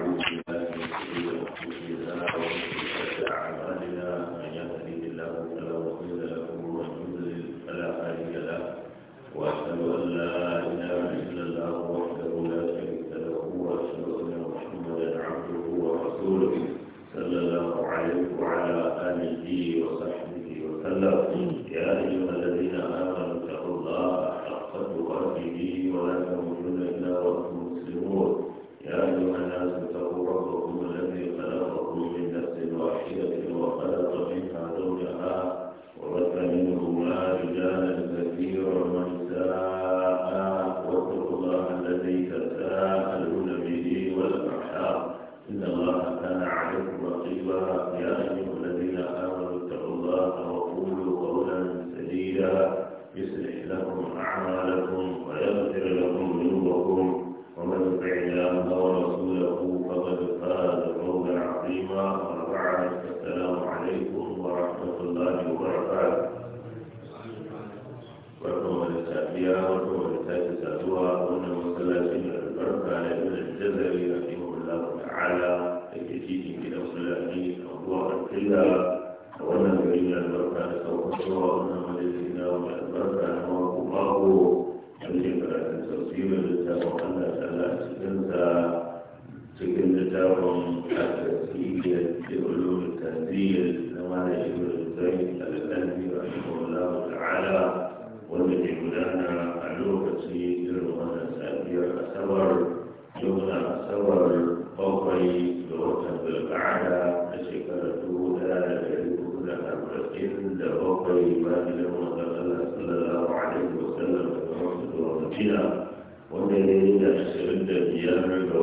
نستعين shida wanda ya yi da ashirin da biyar ga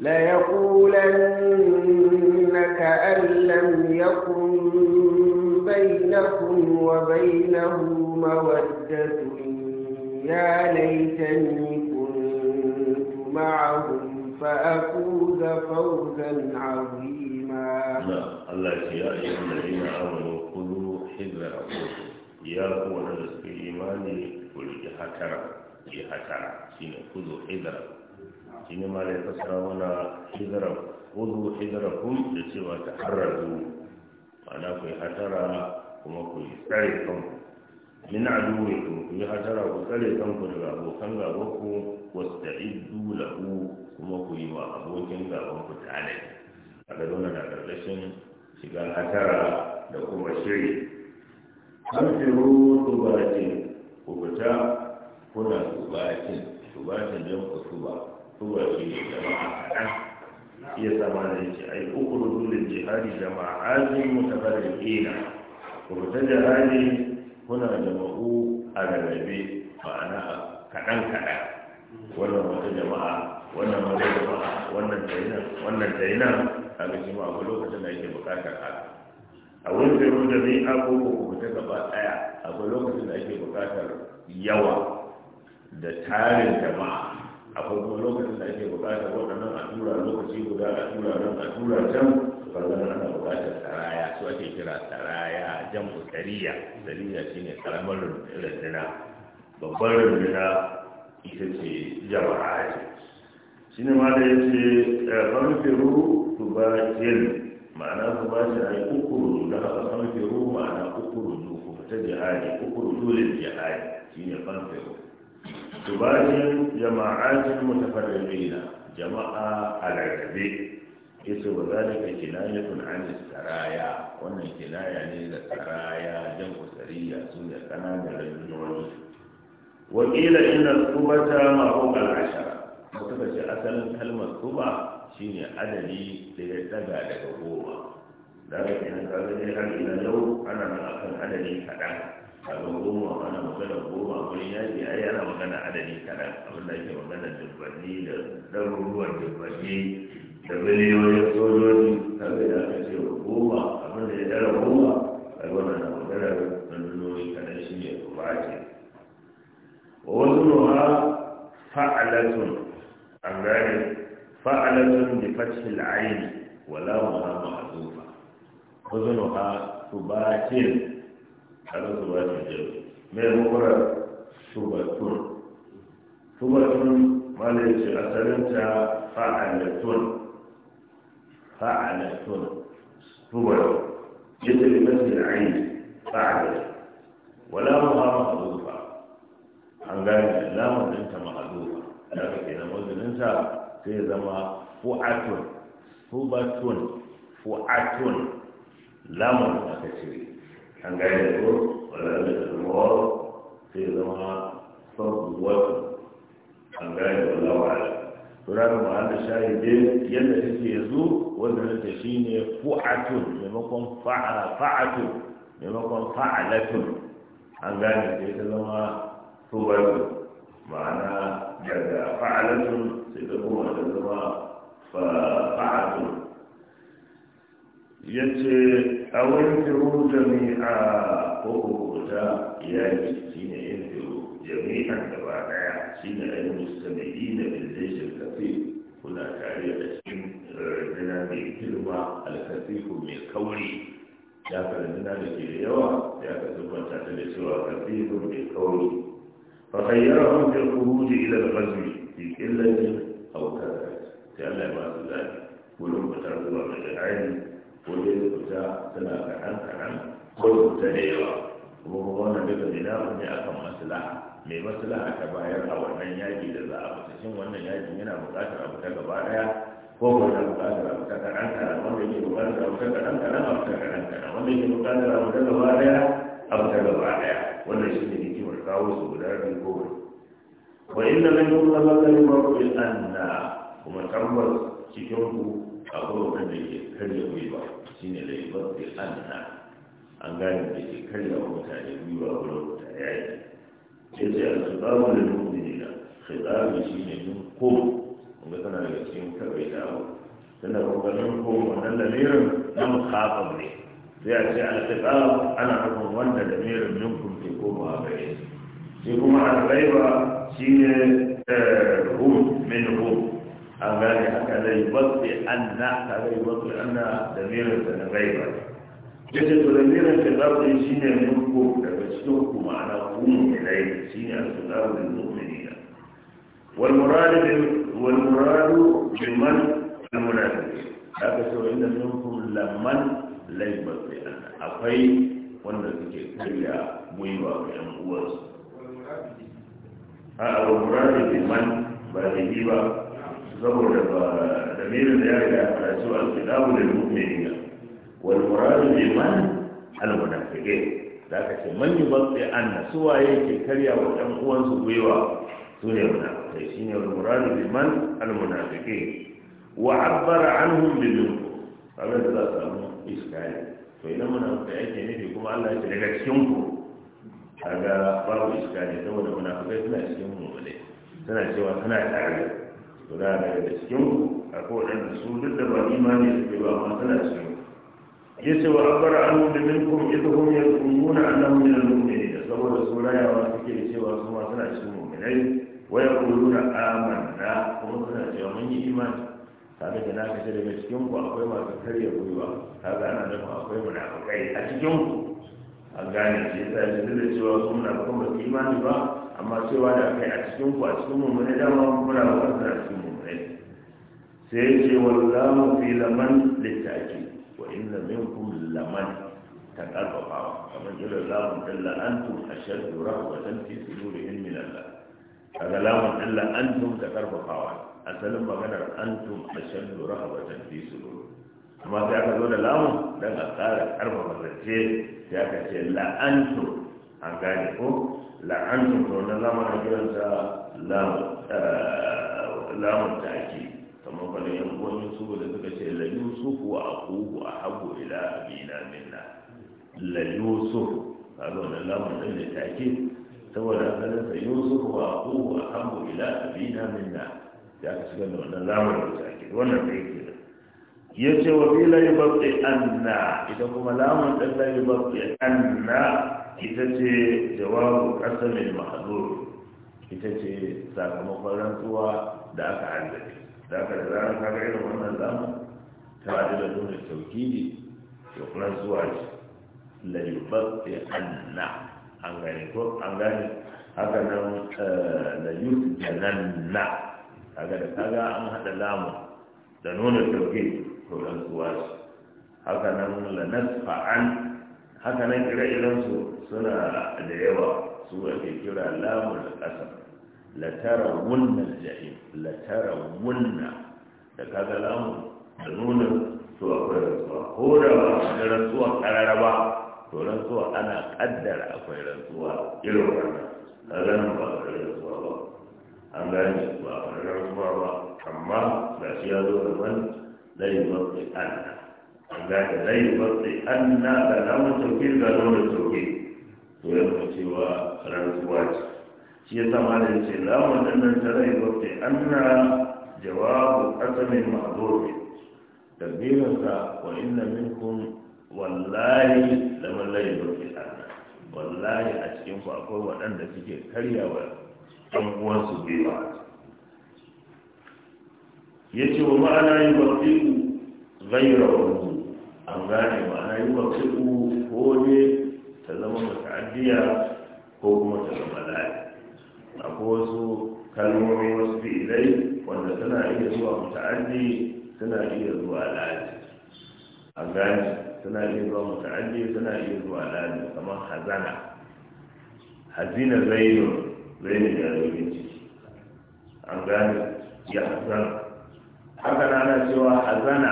ليقولن كأن لم يكن بينكم وبينه مودة يا ليتني كنت معهم فأفوز فوزا عظيما نعم. الله يا أيها الذين آمنوا خذوا حذر يا قوة الإيمان كل كرم حكرة كرم خذوا حذركم shi ma da ya fasa mana hijirar hudu hijirar kun da cewa ta harrazu ma'ana ku yi hatara kuma ku yi tsare kanku min aduwe ku yi hatara ku tsare kanku daga abokan gabanku wasu da iddu lahu kuma ku yi wa abokin gabanku tanadi a ga zauna na ƙarƙashin shiga hatara da kuma shiri harfiru tubatin ku fita kuna tubatin tubatin don ku tuba ruwa shi ne jama'a kaɗan shi ya saba da yake ai uku rudulin jihadi jama'azin mutafarin ina ku ta jihadi kuna jama'u a rarrabe ma'ana kaɗan kaɗan wannan wata jama'a wannan wata jama'a wannan tainan wannan tainan a ga shi ma lokacin da yake bukatar haka a wani garin da zai abubuwa kuma ta gaba ɗaya akwai lokacin da ake bukatar yawa da tarin jama'a akwai kuma lokacin da ake bukatar waɗannan a tura lokaci guda a tura nan a tura can fargar ana bukatar saraya su ake kira saraya jam'u sariya sariya shine karamar rundunar babbar rundunar ita ce jama'a ce shi ne ma da ya ce eh, fanfiru su ba jil ma'ana su ba shi a yi kukuru da haka fanfiru ma'ana kukuru zu ku fita jihadi kukuru zu lil jihadi shi ne fanfiru tubajin jama'atin mutafarriqina jama'a al'adabi yace wa zalika kinayatun an saraya wannan kinaya ne da saraya jan usariya sun da kananan rayuwar wa qila inna al-qubata ma fawqa al-ashara suka ce asalin kalmar kuba shine adali da ya daga daga goma da ga kenan kaga ne har ila yau ana nan akan adali kaɗan kaga goma ana magana goma wurin yaƙi ai ana magana adadi kaɗan abin da ake magana dubbanni da ɗaruruwan dubbanni da miliyoyin sojoji kaga da aka ce goma abin da ya ɗara goma kaga wannan na magana rundunoyi kaɗan shi ne ba ake wa wasu nuha fa'alatun an gane fa'alatun bi fathil aini wala muhamma azufa wasu nuha tubatil ala su ba shi jami mai mukura subatun subatun mala ya ce asalinta fa'alatun fa'alatun subatun ya bi masu da ainihi fa'alatun wala mu ha ma'azufa an gane lamun ɗinta ma'azufa da aka kenan wazininta sai zama fu'atun subatun fu'atun lamun aka cire an gane da ko wala da sai zama sabu wata an gane da wala wa'ala to da mu da shahide yadda yake yanzu wanda shi shine fu'atun maimakon fa'a fa'atun maimakon fa'alatun an gane sai ta zama fu'atun ma'ana daga fa'alatun sai ta kuma ta zama fa'atun yace أو انفروا جميعا وقوتا ياجي سين انفروا جميعا تبعنا سين المستمعين بالجيش الكثير هنا تعليق سين عندنا بكلمة الكثيف من كوري ya karanta da ke da yawa ya ka zubanta ta da cewa kafirun mai kauri fa khayyara hum fil khuruj ila al ghazwi fi qillatin aw kathrat sai Allah ya ba su zabi wurin fitar zuwa ga jihadi ko dai da fita tana kaɗan kaɗan ko da da yawa kuma kuma wannan duka bina ne akan maslaha mai maslaha ta bayar a wannan yaƙi da za a fita shin wannan yaƙin yana buƙatar a ta gaba ɗaya ko kuma yana buƙatar a ta kaɗan kaɗan wanda yake buƙatar a ta kaɗan kaɗan a ta kaɗan kaɗan wanda yake buƙatar a ta gaba ɗaya abu ta gaba ɗaya wannan shi ne hikimar kawo su guda biyu ko wa inna min yuqlaba kalimatu al-anna kuma tabbas cikin ku akwai wannan da ke karya gwiwa shine da yi da anna an gani da ke karya mutane gwiwa wurin lokuta ya yi ce ce a su babu da mummuni na shi ne yin ko wanda tana da cikin karbe da abu tana kokarin ko wannan lamirin na mukhafaf ne sai a ce a khitab ana nufin wanda lamirin ko ke komawa yi shi kuma a al-ghaiba shine eh, hum min hum an gane aka zai wasu an na ka wasu an na da mirinsa na rai ba ya ce to da mirinsa za ku yi shi ne minko daga cikin ku ma'ana kuma mai rai shi ne a su zaru da mu'mini na walmuradu liman almunafiki aka ce wa inda minkum laman lai wasu an akwai wanda suke karya gwiwa ga yan uwarsu a almuradu man ba da yi ba saboda ba da mirin da ya riga a karatu alkitabu da mu'minina wani muradu bi man al munafiqin da aka ce man yubaqi anna suwaye ke karya wa ɗan uwansu gwiwa su ne munafiqai shine wani muradu bi man al munafiqin wa abbara anhum bil minkum abin da za su samu iska ne. to idan munafiqai ake nufi kuma Allah ya ce daga cikin ku kaga babu iska iskari saboda munafiqai suna cikin mu ne suna cewa suna tare to da daga cikin akwai waɗanda su duk da ba imani suke ba amma suna cikin ya ce wa akbar annu da minkum idhum yaquluna annahum min al-mu'minin saboda su rayawa suke cewa su ma suna cikin mu'minai wa yaquluna amanna kuma suna cewa mun yi imani tare da naka ce daga cikin ku akwai masu karya gwiwa gana ana nufin akwai munafikai a cikin ku an gane shi sa shi da cewa su munafikan ba su imani ba amma cewa da aka yi a cikin ku a cikin mummune dama muna wanda a cikin mummune sai ya ce wallahu fi laman littaki wa min minkum laman ta karfafawa kamar irin lamun dalla antum ashaddu rahmatan fi sudurihim min Allah kaga lamun dalla antum ta karfafawa asalin maganar a shan antum ashaddu rahmatan fi dole amma sai aka zo da lamun don a ƙara karfafa zance sai aka ce la an gane ko la'antun eh, da lamar lamun a kiransa lamun ta ake kamar kwanan yan kwanin su da suka ce la yusuf wa akuhu a habu ila abina minna la yusuf kaga wannan lamun ɗin da ta take saboda asalin sa yusuf wa akuhu a habu ila abina minna ya ka shiga da wannan lamar da ta take wannan da yake ya ce wa fi layi babbe anna ita kuma lamun ɗan layi babbe anna ita ce jawabu ƙasamin mahazuru ita ce sakamakon rantsuwa da aka haddace da aka da ka kaga irin wannan lamun ta ba da nuna taukidi da rantsuwa ce layi babbe anna an gane ko an gane haka nan eh, layu na, kaga da kaga an haɗa lamun da nuna taukidi to rantsuwa ce haka nan lanasfa haka nan ire-irensu suna da yawa su ake kira lamun ƙasa latara wunna jahim latara wunna da kaga lamun da nunin to akwai rantsuwa ko da ba da rantsuwa kararraba to rantsuwa ana kaddara akwai rantsuwa irin wannan kaga nan ba da rantsuwa ba an gane ba da rantsuwa ba amma ga shi ya zo da wani lai wasu anna an gane lai wasu anna ga namun sauƙi ga nuna sauƙi to ya kuma cewa rantsuwa ce shi ya sama da ce lamun nan nan ta lai wasu anna jawabu asamin ma'azuri tabbirinsa wa inna minkum wallahi da wallahi wasu anna wallahi a cikin ku akwai waɗanda suke karyawa ɗan uwansu biyu ya ce wa ma'ana yi wafiku gaira wani an gane ma'ana yi wafiku ko ne ta zama mata'addiya ko kuma ta zama layi akwai wasu kalmomi wasu fi'ilai wanda suna iya zuwa muta'addi suna iya zuwa layi an gane suna iya zuwa muta'addi suna iya zuwa layi kamar hazana hazina zainun zainun zai zo ciki an gane ya hazana haka na cewa hazana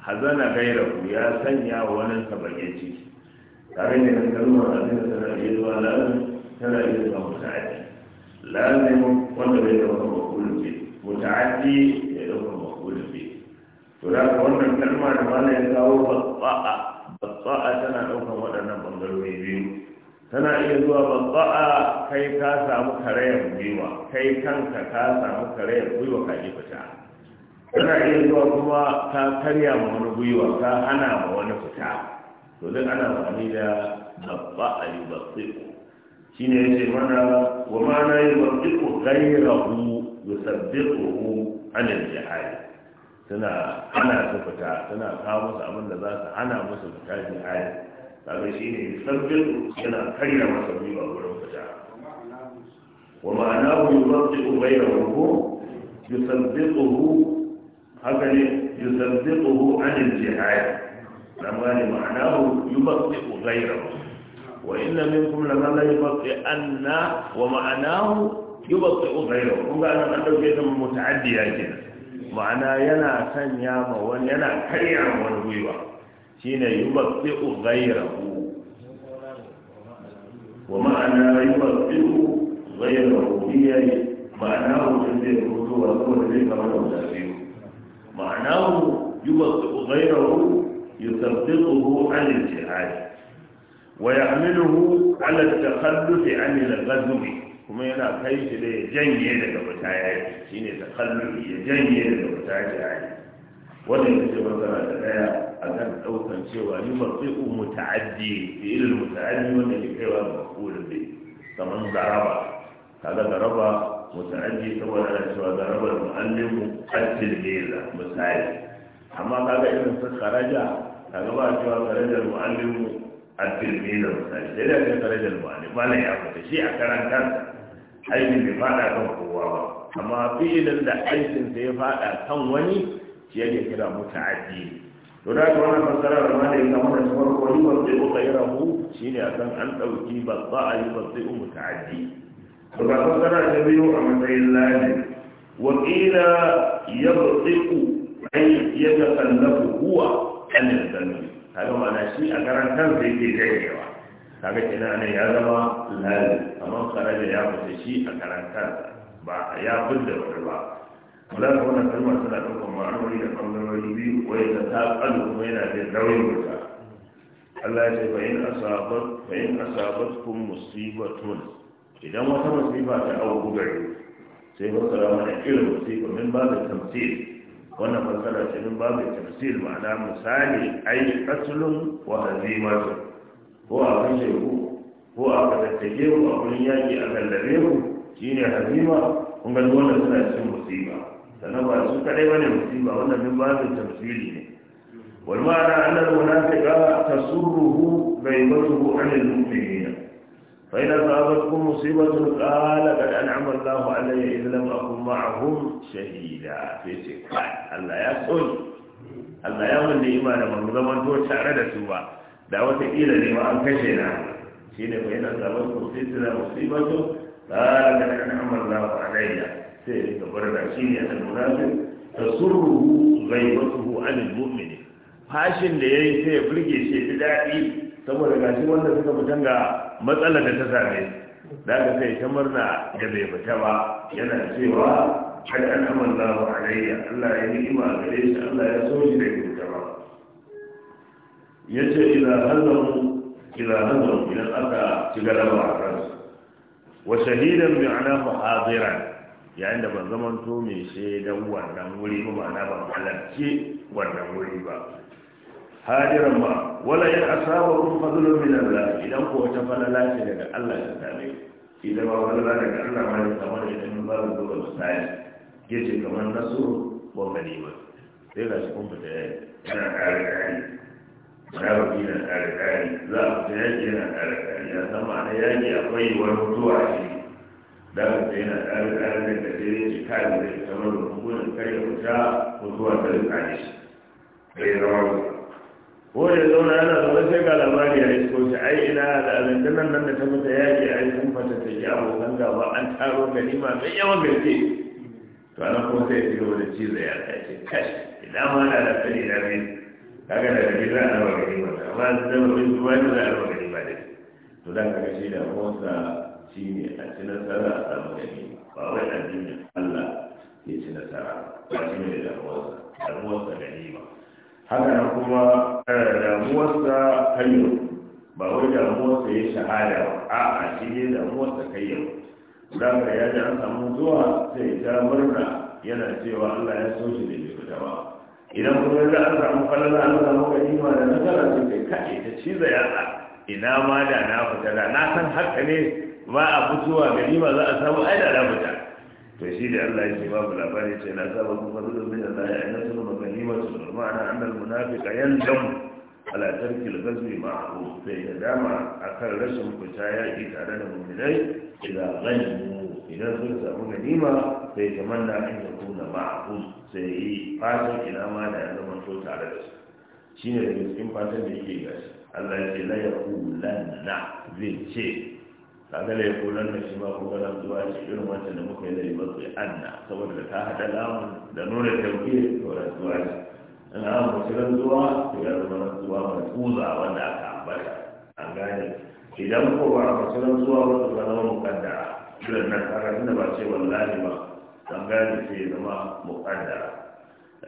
hazana gairahu ya sanya wa wani sabagen ciki tare da kan kalmar abin da tana iya zuwa lalun tana iya zuwa muta'addi lalun wanda bai da wani makulun ce muta'addi ya da wani makulun ce to da ka wannan kalma da mana ya kawo batsa'a batsa'a tana ɗaukar waɗannan ɓangarori biyu tana iya zuwa batsa'a kai ka samu karayar gwiwa kai kanka ka samu karayar gwiwa ka ji fita kana iya zuwa kuma ta karya ma wani gwiwa ta hana ma wani fita to duk ana amfani da babba a yi babbi shi ne yace mana wa ma na yi babbi ko gairahu yusabbiquhu anil jihad suna ana su fita suna kawo musu abin da za su hana musu fita jihad kaga shi ne yusabbiqu yana karya masa gwiwa wurin fita wa ma'anahu yusabbiqu gairahu yusabbiquhu هكذا يصدقه عن الجهاد لمن معناه يبطئ غيره وإن منكم لمن لا يبطئ أن ومعناه يبطئ غيره هم قالوا أنه قد يكون متعديا جدا معناه ينا سنياما وينا كريعا ونبيوا شين يبطئ غيره ومعنى يبطئ غيره هي معناه تنزيل الرسول والرسول الذي كما نبدأ معناه يبطئ غيره يصدقه عن الجهاد ويحمله على التخلف عن الغزو kuma yana kai shi da ya janye daga wata yaki shi ne ta kallon ya janye daga wata yaki wanda ya ce magana da daya a kan daukan cewa yi mafi'u muta'addi fi ilil muta'addi wanda ke kaiwa ga kamar kaga garaba muta'addi saboda ana cewa garaba mu'allimu at-tilmiza misali amma kaga irin su kharaja kaga ba cewa kharaja mu'allimu at-tilmiza misali sai da ka kharaja ba na ya fita shi a karantar aikin bai fada kan kowa ba amma fi'ilin da aikin sai ya fada kan wani shi yake kira muta'addi to da wannan fassara da mana ya kama da farko wani wanda ya ko kairahu shine akan an ɗauki ba za a yi ba sai muta'addi to ga ta biyu a matsayin lazim wakila ya batsiku ai ya ga sallafu huwa anil zanni kaga na shi a karantar da yake ganewa kaga ina ne ya zama lazim amma karaja ya fita shi a karantar. kansa ba ya fidda wani ba kula da wannan kalmar suna ɗaukar ma'anoni da ɓangarori biyu wai da ta ƙalu kuma yana da nauyin wuta Allah ya ce fa asabat fa in musibatun idan wata masifa ta auku gari sai fassara mana irin masifa min da tamsil wannan fassara ce min da tamsil ma'ana misali ai aslun wa hazimatu ko a kashe ku ko a katattake ku a wurin yaƙi a kallare ku shine hazima kun gani wannan suna cikin musiba sannan ba su kaɗai bane musiba wannan min da tamsili ne والمعنى أن المنافق تسره غيبته عن المؤمنين فإن أصابتكم مصيبة قال قد أنعم الله علي إذ لم أكن معهم شهيدا في سكة الله يقول Allah ya wanda imana mu zaman to tare da su ba da wata kila ne ma an kashe na shi ne bai nan zaman ko sai tana musibato la la kan amara la wa alayya sai ne gabar da shi ne al munafiq tasurru ghaibatuhu al mu'min fashin da yayi sai ya burge shi da daɗi. saboda gashi wanda suka fitan ga matsalar da ta same da aka sai ta murna da bai fita ba yana cewa hal an amanta ba alayya Allah ya ni'ima gare shi Allah ya so shi da bai fita ba yace ila hazamu ila hazamu idan aka ci galaba a kansu wa shahidan ma'anahu hadiran yayin da ban zamanto mai shaidan wannan wuri ba ma'ana ban halarci wannan wuri ba hajiran ma wala in asaba kun fadlu min Allah idan ko wata falala ce daga Allah ya same idan ba falala daga Allah ma ya samu da idan ba mu da misali yace kamar nasuru wa ganima sai ga shi kun fita yana kare kare Rabu yana kare kare za a fita yaki yana kare kare ya san ma'ana yaki akwai wani mutuwa shi da ka sai yana kare kare da gajere shi kare da kamar rukunin kai, wuta mutuwa ta rika ne shi. Bai zama ko ya zauna yana zaune sai ga labari ya isko shi ai ina da alandunan nan da ta mutu yaƙi a sun fata ta yi abokan gaba an taro ganima mai yawan gaske to ana kuma sai ya ci gaba da cizo ya kace kashi idan ma na da tsari na biyu kaga da gari za a raba ganima amma zama bin zuwa ne za a raba ganima da to dan kaga shi da motsa shi ne a ci nasara a samu ganima ba wai addinin Allah ya ci nasara ba shi ne da motsa da motsa ganima haka nan kuma eh, damuwarsa kayyau ba wai damuwarsa ya shahada ba a'a shi ne damuwarsa kayyau za ka ya ji an samu zuwa sai ta murna yana cewa allah ya so shi da bai fita ba idan kuma yanzu an samu falala an samu ganima da nasara sai kai kaɗe ta ciza yatsa ina ma da na fita da na san haka ne ba a fitowa ganima za a samu ai da na fita to shi da allah ya ce babu labari ce na saba kuma zuwa min allah ya ba. ghanimatu ma'ana annal munafiqa yandam ala tarki al-ghazwi ma'ahu fa idza dama akal rashin fita ya tare da mu'minai ila mu idan sun samu ghanima sai tamanna an yakuna ma'ahu sai yi fatan ina ma da zaman to tare da su shine da cikin fatan da yake gashi Allah ya ce la yaqulanna zai ce kaga da ya kolon da shi ba ko ga zuwa shi irin wancan da muka yi da ribar sai anna saboda ta hada lamun da nuna da wani rantsuwa ne in an mutu rantsuwa to ya zama rantsuwa mai kuza wanda aka ambata an gane idan ko ba a mutu zuwa ba ku ta zama mukaddara irin nan kaga tunda ba ce wallahi ba an gane ce ya zama mukaddara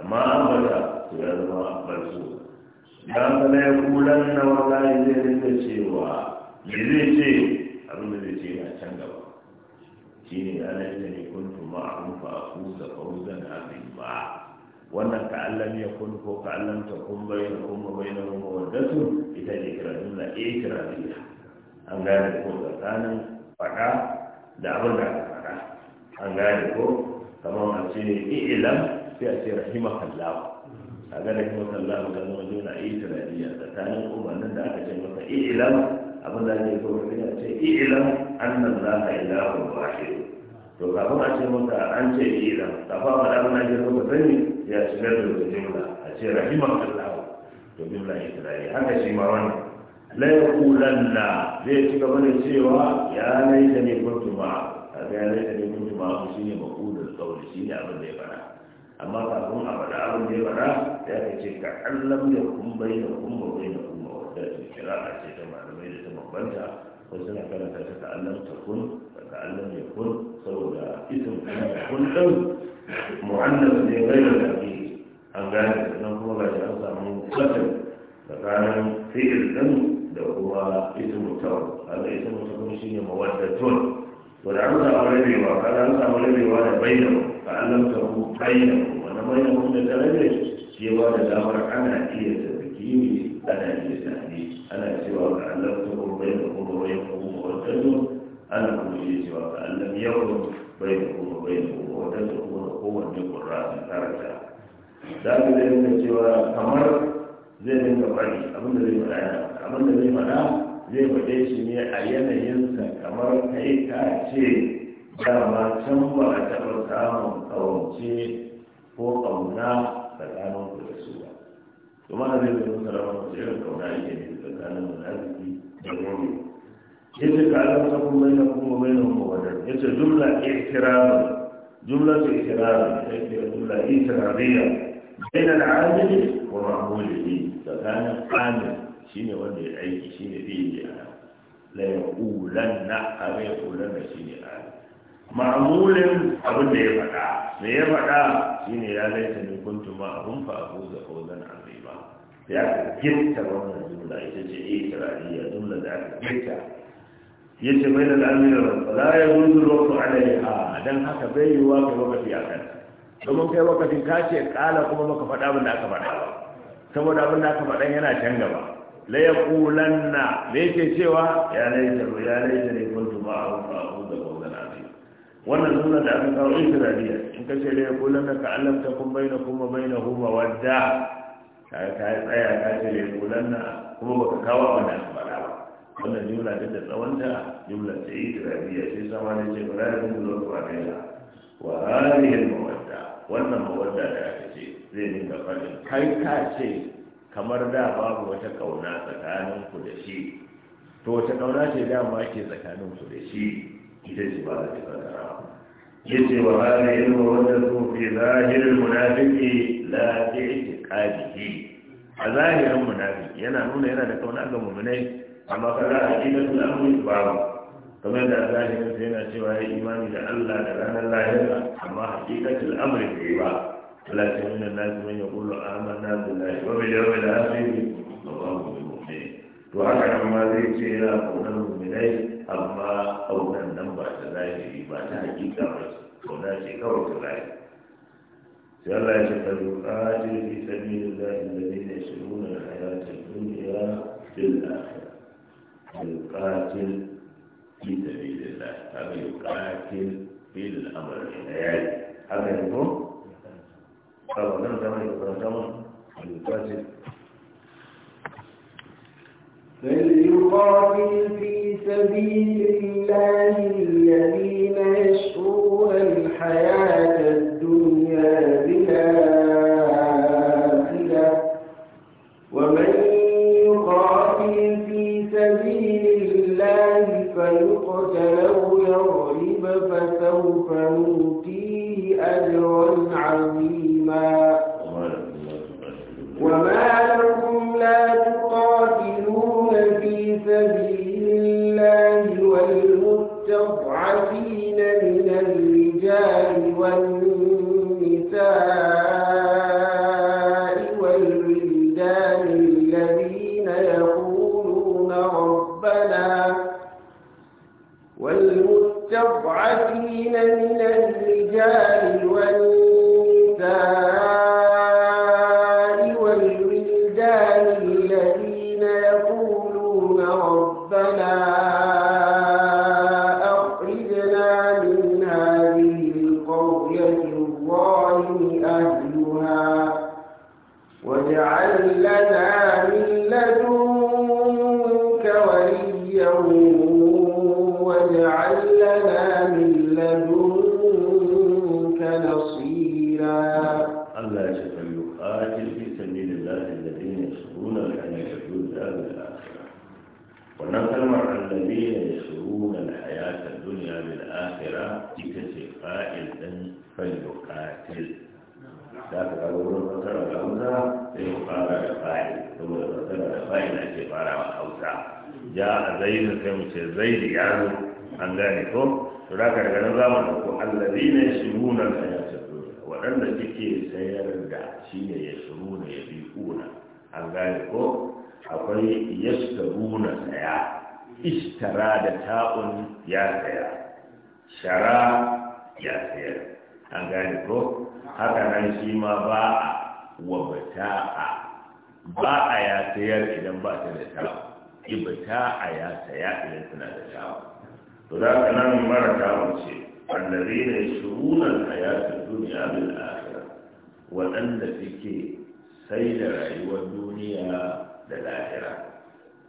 amma an bata to ya zama barsu dan kana ya kulan na wallahi zai rika cewa me zai ce abin da zai ce a can gaba shi ne ya laifin ne kun tuma a kun fa a kusa fauzan abin ba wannan ka allam ya kun ko ka allam ta kun bai na kuma bai na kuma wadatu ita ce kira jumla a eh, kira jumla an gane ko tsakanin faɗa da abin da aka faɗa an gane ko kamar a ce ilam sai a ce rahimakallahu a ga rahimakallahu ga zama jumla a kira jumla tsakanin umarnin da aka ce masa ilam abin da ake kuma bida ce ilam annan za ka ilahu wahid to kafin a ce maka an ce ilam kafa ba da abin ake kuma sani ya shigar da wata jimla a ce rahimar allahu to jimla ya tunani haka shi ma wannan la yaqulanna zai ci gaba da cewa ya laita ne kuntuma kaga ya laita ne kuntuma shi ne maqulul qawli shi ne abin da ya fara amma kafin a faɗa abin da ya faɗa ya ka ce ka allam da kun bai da kun ba bai da kun ba wadda ta kira a ce ta ma وانت وزنا كانت تتعلم تكون تتعلم يكون سولا اسم كل حب معلم لغير الحقيقي أن قال أنه هو الذي أوصى من قتل فكان في الذنب لو هو اسم التوب هذا اسم التوب شيء مواد التوب ولعمل على ربي وقال أوصى على ربي وانا بينهم فعلمته بينهم وانا بينهم من الثلاثة في وانا لا مرحنا كي يسبكي انا كي يسبكي yawon bai da kuma bai da kuma wadanda kuma kowanne kura a karanta da aka zai rinka cewa kamar zai rinka faɗi abinda zai faɗa yana abinda zai faɗa zai faɗe shi ne a yanayinsa kamar kai ka ce dama can ba a taɓa samun kawance ko ƙauna tsakanin ku da su ba kuma zai zama salamar da ƙauna yake ne tsakanin munafiki da mumin yace ka alam takum bainakum wa bainahum mawaddah yace jumla i'tirab jumla i'tirab yace jumla i'tirabiyya bain al-amil wa ma'mulihi tsakanin shi ne wanda ya aiki shi ne shine bi ya la yaqulanna aw yaqulanna shine amil ma'amulin abin da ya faɗa me ya faɗa Shi ne ya laita ni kuntu ma'ahum fa afuza fawzan azima ya gitta wannan jumla ita ce i'tirabiyya jumla da aka gitta yace mai da amira la ya gudu waqtu alaiha dan haka bai yi wa kai a kan domin kai wakatin ka ce kala kuma maka faɗa abin da aka faɗa saboda abin da aka faɗa yana can gaba la yaqulanna me yake cewa ya laita ya laita ne kuntu da fa'udu qawlan azim wannan sunan da aka kawo biyar in ka ce la yaqulanna ka allamta kun kuma bai na mawadda wadda ka tsaya ka ce la yaqulanna kuma baka kawo abin da aka faɗa ba wannan jumla ta da tsawonta jumla ta yi turabiya sai sama da ce ba da kuma zuwa kuma kai la wa hadihin mawadda wannan mawadda da aka ce zai dinga faɗin kai ka ce kamar da babu wata kauna tsakanin ku da shi to wata kauna ce dama ke tsakanin ku da shi ita ce ba za ta ba ya ce wa hadihin mawadda su fi zahirin munafiki la fi ki. a zahirin munafiki yana nuna yana da kauna ga mummunai amma a kaga aqidatul amri babu kamar da zahirin sai yana cewa ya imani da Allah da ranar lahira amma hakikatul amri bai ba Allah ta nuna nasu man yaqulu amanna billahi da bil ne akhir ba mu bil mu'minin to haka nan ma zai ce yana kaunar mu'minai amma kaunar nan ba ta zahiri ba ta hakika ba kauna ce kawai ta zahiri sai Allah ya ce falyuqatil fi sabilillahi alladhina yashruna al-hayata ad-dunya bil akhirah يقاتل في سبيل الله هذا يقاتل في الأمر العيال هذا يكون طبعا لم تعمل يقاتل يقاتل فليقاتل في سبيل الله الذين يشرون الحياة الدنيا بها فنؤتيه أجرا عظيما وما لكم لا تقاتلون في سبيل الله والمستضعفين من الرجال والنساء أهلها واجعل لنا من لدنك وليا واجعل لنا من لدنك نصيرا الله يجعل يقاتل في سبيل الله الذين يشرون الحياة الدنيا بالآخرة ونقل الذين يشرون الحياة الدنيا بالآخرة بكسفاء فليقاتل da aka kaga wurin fassara da hausa sai mu fara da fa'il saboda fassara da fa'il ake farawa hausa ja a zaidin sai mu ce zaidi ya zo an gane ko to da daga nan za mu ɗauko allazina yashruna al-hayata dunya waɗanda suke sayar da shi ne ya ya bi yabiquna an gane ko akwai yastaruna saya ishtara da ta'un ya saya shara ya sayar an gane ko haka nan shi ma ba a wa ba a ya sayar idan ba ta da tawa a ya saya idan tana da tawa to da kana nan mara tawa ce allazina yashuruna al-hayata bil akhirah waɗanda suke sai da rayuwar duniya da lahira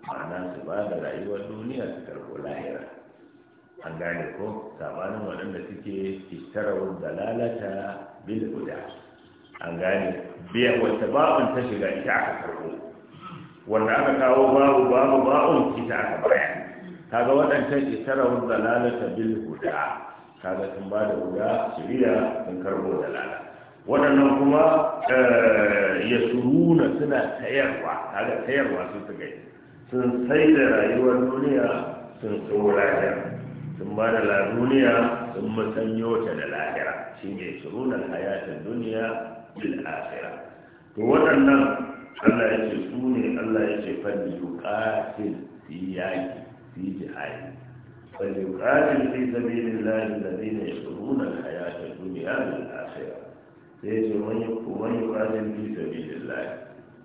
ma'ana su ba da rayuwar duniya su karɓo lahira an gane ko sabanin waɗanda suke istarawar dalalata bil guda an gane biya wata babun ta shiga ita aka karbo wanda aka kawo babu babu babun ita aka bayani kaga waɗancan isarahun dalalata bil guda kaga sun ba da guda shiriya sun karbo dalala waɗannan kuma eh, ya suruna suna tayarwa kaga tayarwa sun su gai sun sai da rayuwar duniya sun so lahira sun ba da la duniya sun musanyo ta da lafiya shine yasruna hayatin duniya bil akhirah to waɗannan Allah ya ce su ne Allah ya ce fal yuqatil fi yaqi fi jihadi fal yuqatil fi sabilillahi alladhina yasruna alhayata dunya bil akhirah sai ce wani kuma yuqatil fi sabilillahi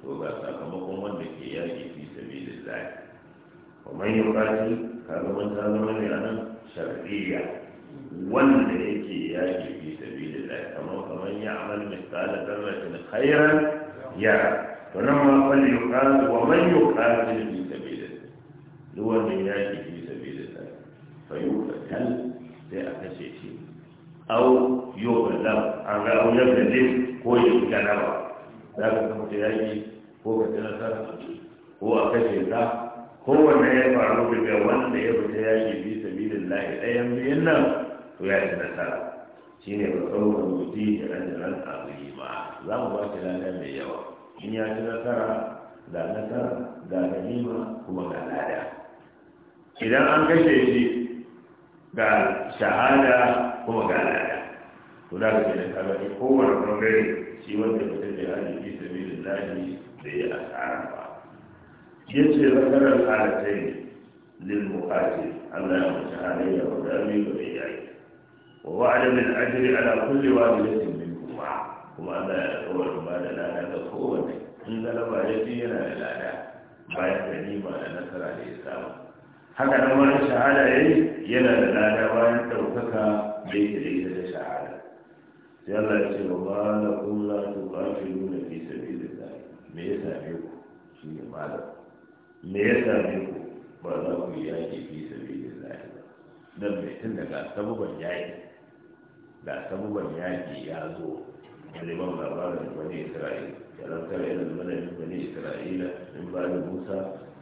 to ga sakamakon wanda ke yaƙi fi sabilillahi wa man yuqatil kaga mun ta zama ne anan shar'iyya Wannan wanda yake yaki da sabilillah kamar kamar ya amal misala darratin khairan ya to nan ma fal yuqal wa man yuqatil fi sabilillah duk wanda yaki fi sabilillah fa yuqatal sai a kashe shi aw yuqatal an ga da yakale ko ya gana ba za ka ga ta yaki ko ka tana sa ko a kashe ka kowanne ya faru daga wanda ya fita yaki da sabilillah ɗayan biyan nan to ya ci nasara shi ne ba tsawon mutu da yi ba za mu ba shi lada mai yawa in ya ci nasara ga nasara ga ganima kuma ga lada idan an kashe shi ga shahada kuma ga lada to da ga kenan kaga ne kowane bangare shi wanda ya fita da hali fi sabilin lahi da ya asara ba ya ce zakarar halatai lil muqatil Allah ya mace halayya wa dami ga mai yaki ووعد بالأجر على كل واحدة منكما كما أن أول ما لا نتقوى إن لما يجينا لا bayan ganima da nasara da ya samu haka nan wani shahada ya yana da lada bayan ɗaukaka da yake da ita da shahada sai Allah ya ce ba la kun la tu qafilu na fi sabilillah me ya same ku shine malam me ya same ku ba za ku yi yaki fi sabilillah don mai tun daga sabuban yaƙi da sabuban yaƙi ya zo a liman labarin wani isra'ila yaran tara irin manayin wani isra'ila in ba da musa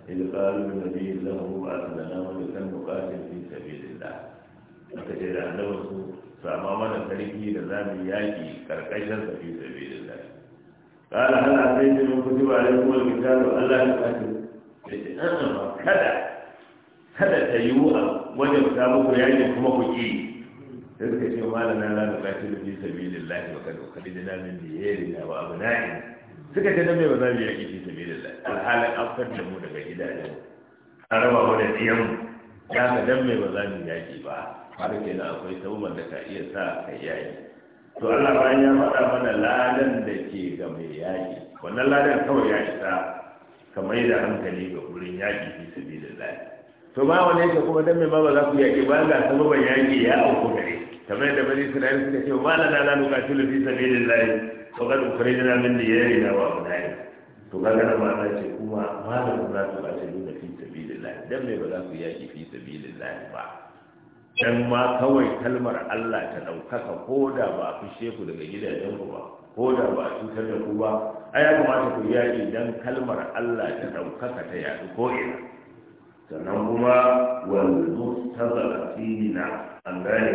in ƙalu da zama lahu ba su da namun kan buƙatar fi sabilillah aka ce da annabin su sama mana sarki da za mu yaƙi ƙarƙashin sa fi sabilillah قال هل أتيت من كتب عليكم الكتاب ألا تقاتلوا؟ لأن كذا كذا تيوء wajen ta muku yaƙi kuma ku ƙi sai suka ce ma lana la nuqatilu fi sabilillahi wa kad ukhrijna min diyarina wa abna'ina suka ce da me ba za mu yaki fi sabilillah alhalin an da mu daga gidaje an raba mu da diyan ya ka dan me ba za mu yaki ba har ke da akwai tauman da ka iya sa ka yaki to Allah ba ya faɗa mana ladan da ke ga mai yaki wannan ladan kawai ya isa ka mai da hankali ga wurin yaki fi sabilillah to ba wani yake kuma dan mai ba za ku yaƙi ba ga sababan yaƙi ya auku gare kamar yadda bani isra'ila suka ce ma lana la nuqatilu fi sabilillahi ga qad ukhrijna min na wa abnai to ga gana ma ce kuma malamin za ku da fi lai dan mai ba za ku yaki fi lai ba dan ma kawai kalmar Allah ta ɗaukaka ko da ba a fushe ku daga gidajen ku ba ko da ba a cutar da ku ba ai ya kamata ku yaki dan kalmar Allah ta ɗaukaka ta yadu ko ina sannan kuma wal mustazafina an gane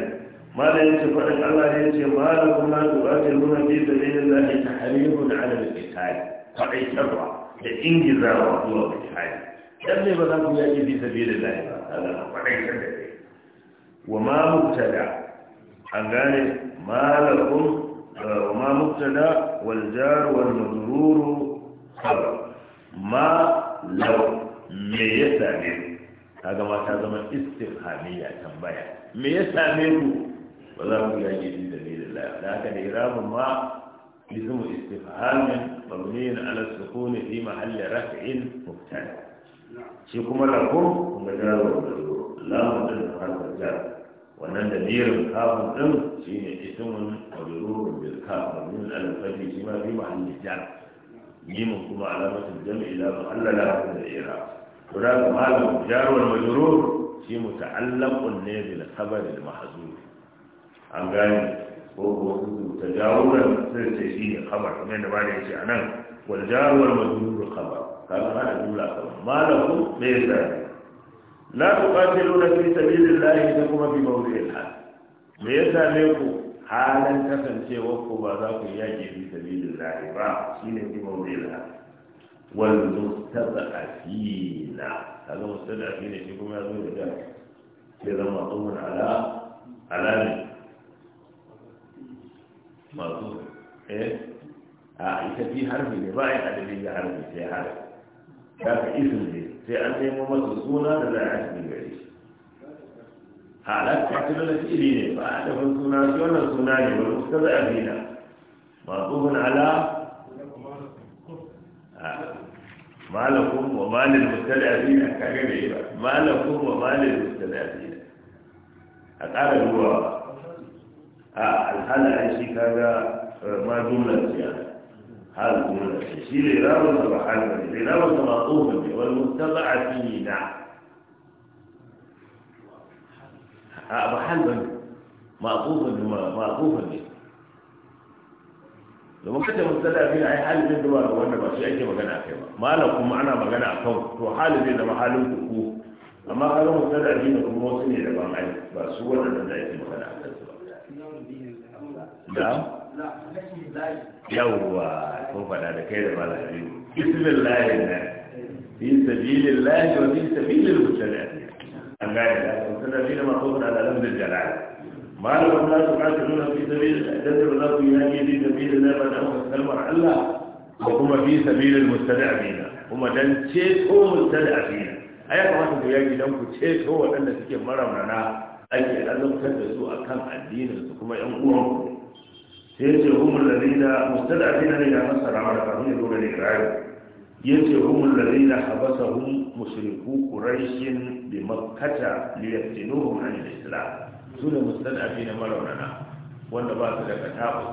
malam yace faɗin Allah ne yace malakum la tuqatiluna fi sabilillahi da ala al-qital faɗaitarwa da ingiza ingizawa zuwa ga jihadi dan ne ba za ku yaki da sabilillahi ba kaga faɗaitar da ne. wa ma mubtada an gane kun? Eh, wa ma mubtada wal jar wal majrur khabar ma law me ya same ku kaga ma ta zama istifhamiyya tambaya me ya same ku ba za ku yaƙi ji da ni da lafiya da haka da irabun ma اسم استفهام مبني على السكون في محل رفع مبتدا shi kuma lakum kuma jarar lamun din harfa jar wannan da mirin kafin din shine ismun majrurun bil kaf min al fadi shi ma bi mahalli jar mimun kuma alamatul jam'i la mu'allala da ira kuma ga malam jarwal majrur shi muta'allaqun ne bil khabar al mahzuf an gane ko ko tajawuran sai ce shi ne khabar kuma da bane yace anan wal jarwal majrur khabar kaga ana jumla khabar malaku me yasa la tuqatiluna fi sabilillahi kuma bi mawdi'il hal me yasa ne ku halin kasancewar ku ba za ku yaƙi da sabilin lahi ba shine kuma mai la wal mustada'afina kaga mustada'afina shi kuma ya zo da ta. sai zama tsohon ala ala ne? masu eh a ita fi harfi ne ba a yi adadin da harfi sai harfi ya ka isin ne sai an nemo masa suna da za a yi gari halar ta ci da fi'ili ne ba a dafin suna shi wannan suna ne wani kusa da abina ma'tufun ala malakum wa malil mustadafina kaga bai ba malakum wa malil mustadafina a ƙara ruwa a alhala shi kaga eh, ma jumlar siyasa هذا هو الشيء لرابط سبحانه لرابط مطلوب والمتبع na. محل من معقوفا بما معقوفا به لما كنت مستدعى فينا اي حال في ما هو انما شيء انت مغنى كما ما لكم معنا مغنى كما تو حال جد ما حال اما قالوا مستدعى فينا كم موسني لبا معي بس هو انا دعى في مغنى نعم. نعم. لا لا يوه كوفا لا دكيد ما لا بسم الله في سبيل الله وفي سبيل المجتمع an gane da sannan shi da masu da alamun jalal malamin na su kasu nuna fi sabi da idan da za ku yi yaki fi sabi da zai da musu kalmar Allah ko kuma fi sabi da mustada'ina kuma dan ceto mustada'ina ai ya kamata ku yaki dan ku ceto waɗanda suke maramana ake azabtar da su akan addinin su kuma yan uwan sai ce humul ladina mustada'ina ne ya nasara mara kafin ya zo da rayu. yace humul ladina habasahum mushriku quraish bi makkata liyaftinuhum an al-islam sune mustadafi na maraunana wanda ba su da tabu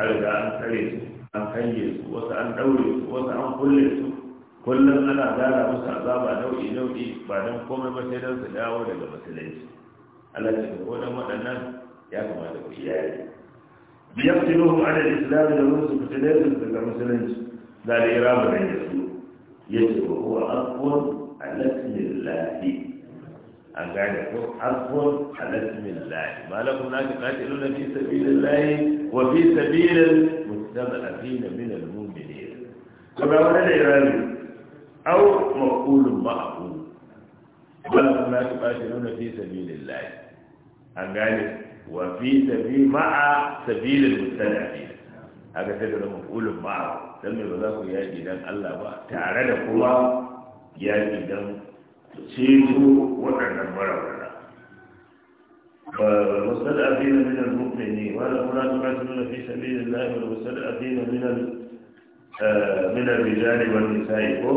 an riga an tsare su an kange su wasu an daure su wasu an kulle su kullum ana gara musu azaba nau'i nau'i ba dan komai ba sai dan su dawo daga musulunci Allah ya ce waɗannan ya kamata ku iyaye biyaftinuhum an al-islam da musu fitinatin daga musulunci لا لإرادة عند السوق يسر هو أصف على اسم الله أن قاعد يقول أصف على اسم الله ما لكم ناجح قاتلون في سبيل الله وفي سبيل المستضعفين من المؤمنين كما هو الإرادة أو مقول مأمون ما لكم ناجح قاتلون في سبيل الله أن قاعد وفي سبيل مع سبيل المستضعفين هذا كده مقول مأمون don mai ba za ku yaƙi don Allah ba tare da kuma yaƙi don ceto waɗannan marabara. Wasu da abinan minan rufe ne, wadda kuma su kasu nuna fi sabi da zaɓi da wasu da abinan minan eh, minan rijali wani sa'i ko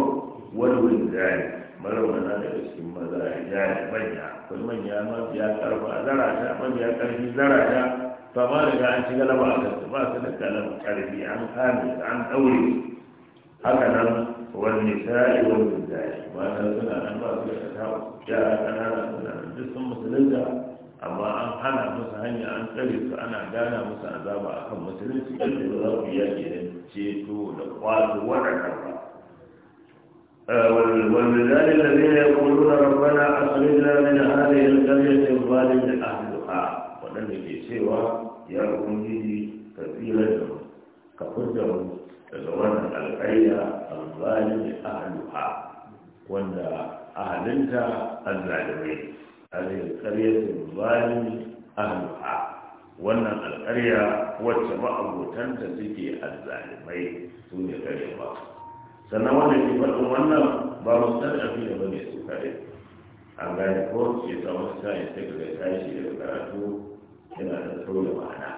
wani wani rijali marabara da cikin maza rijali manya, kuma manya ma biya ƙarfa zaraja, manya ƙarfi zaraja, ba ma daga an ci galaba a kansu ba su da galaba karfi an kame su an ɗaure haka nan wani nisa'i wani nisa'i mata suna nan ba su da ta a kanana suna nan duk sun musulunta amma an hana musu hanya an tsare su ana gana musu azaba akan musulunci yadda ba za ku yaƙi da ceto da kwato waɗannan ba والرجال الذين يقولون ربنا أخرجنا من هذه القرية الظالم wanda ke cewa ya ubangiji ka tsira da mu ka furta mu daga wannan alƙarya alzalimi ahluha wanda ahalinta azzalimai alƙaryatu zalimi ahluha wannan alƙarya wacce ma'abotanta suke azzalimai su ne kare ba sannan wanda ke faɗin wannan ba mu san sarrafi da bane su kare an gane ko ya samu sa'in sai ka tashi da karatu yana da saboda ma'ana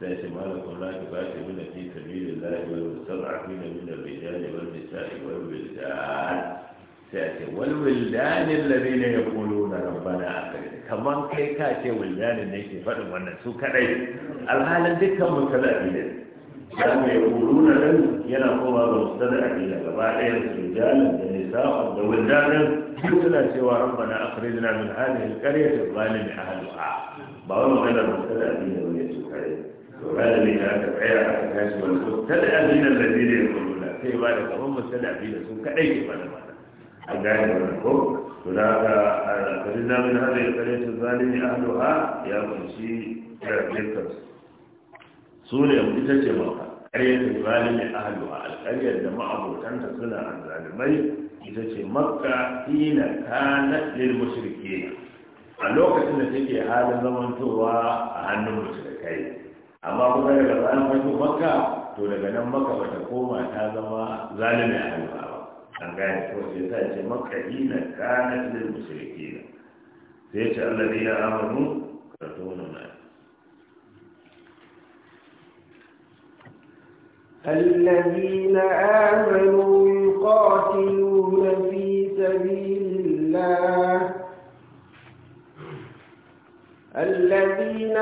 sai shi malam kun na ki bashi min da wani fi sabilin lahi wal mustad'afin min ar wani wal nisa'i wal wani sai a ce wal wildan alladhina yaquluna rabbana akrim Kamar kai ka ce wildanin ne ke faɗin wannan su kadai alhalin dukkan mun kaza ne كانوا يقولون لن ينقوا هذا مستدع إلى جماعية الرجال والنساء والدولدان يقول سوى ربنا أخرجنا من هذه القرية الظالم أهلها بعضهم غير المستدع إلى ويسوع وقال لي لا تبعي على الناس والمستدع من الذين يقولون في ذلك هم مستدع فينا سوى كأي فلا مانا أجعل منكم هناك أخرجنا من هذه القرية الظالم أهلها يا من شيء Sune ne ita ce maka ƙaryar zalimi ahlu a alƙaryar da ma'abotanta suna zalimai ita ce makka ina kana lil mushrike a lokacin da take halin zamantowa a hannun mashirkai amma kuma daga bayan fito makka to daga nan maka bata koma ta zama zalimi ahlu ba an gane ko sai ta ce makka ina kana lil mushrike sai ce alladina amanu karatu nan الذين آمنوا يقاتلون في سبيل الله الذين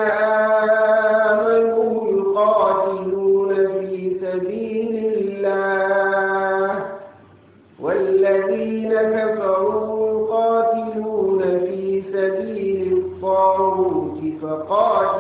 آمنوا يقاتلون في سبيل الله والذين كفروا يقاتلون في سبيل الطاغوت فقاتلوا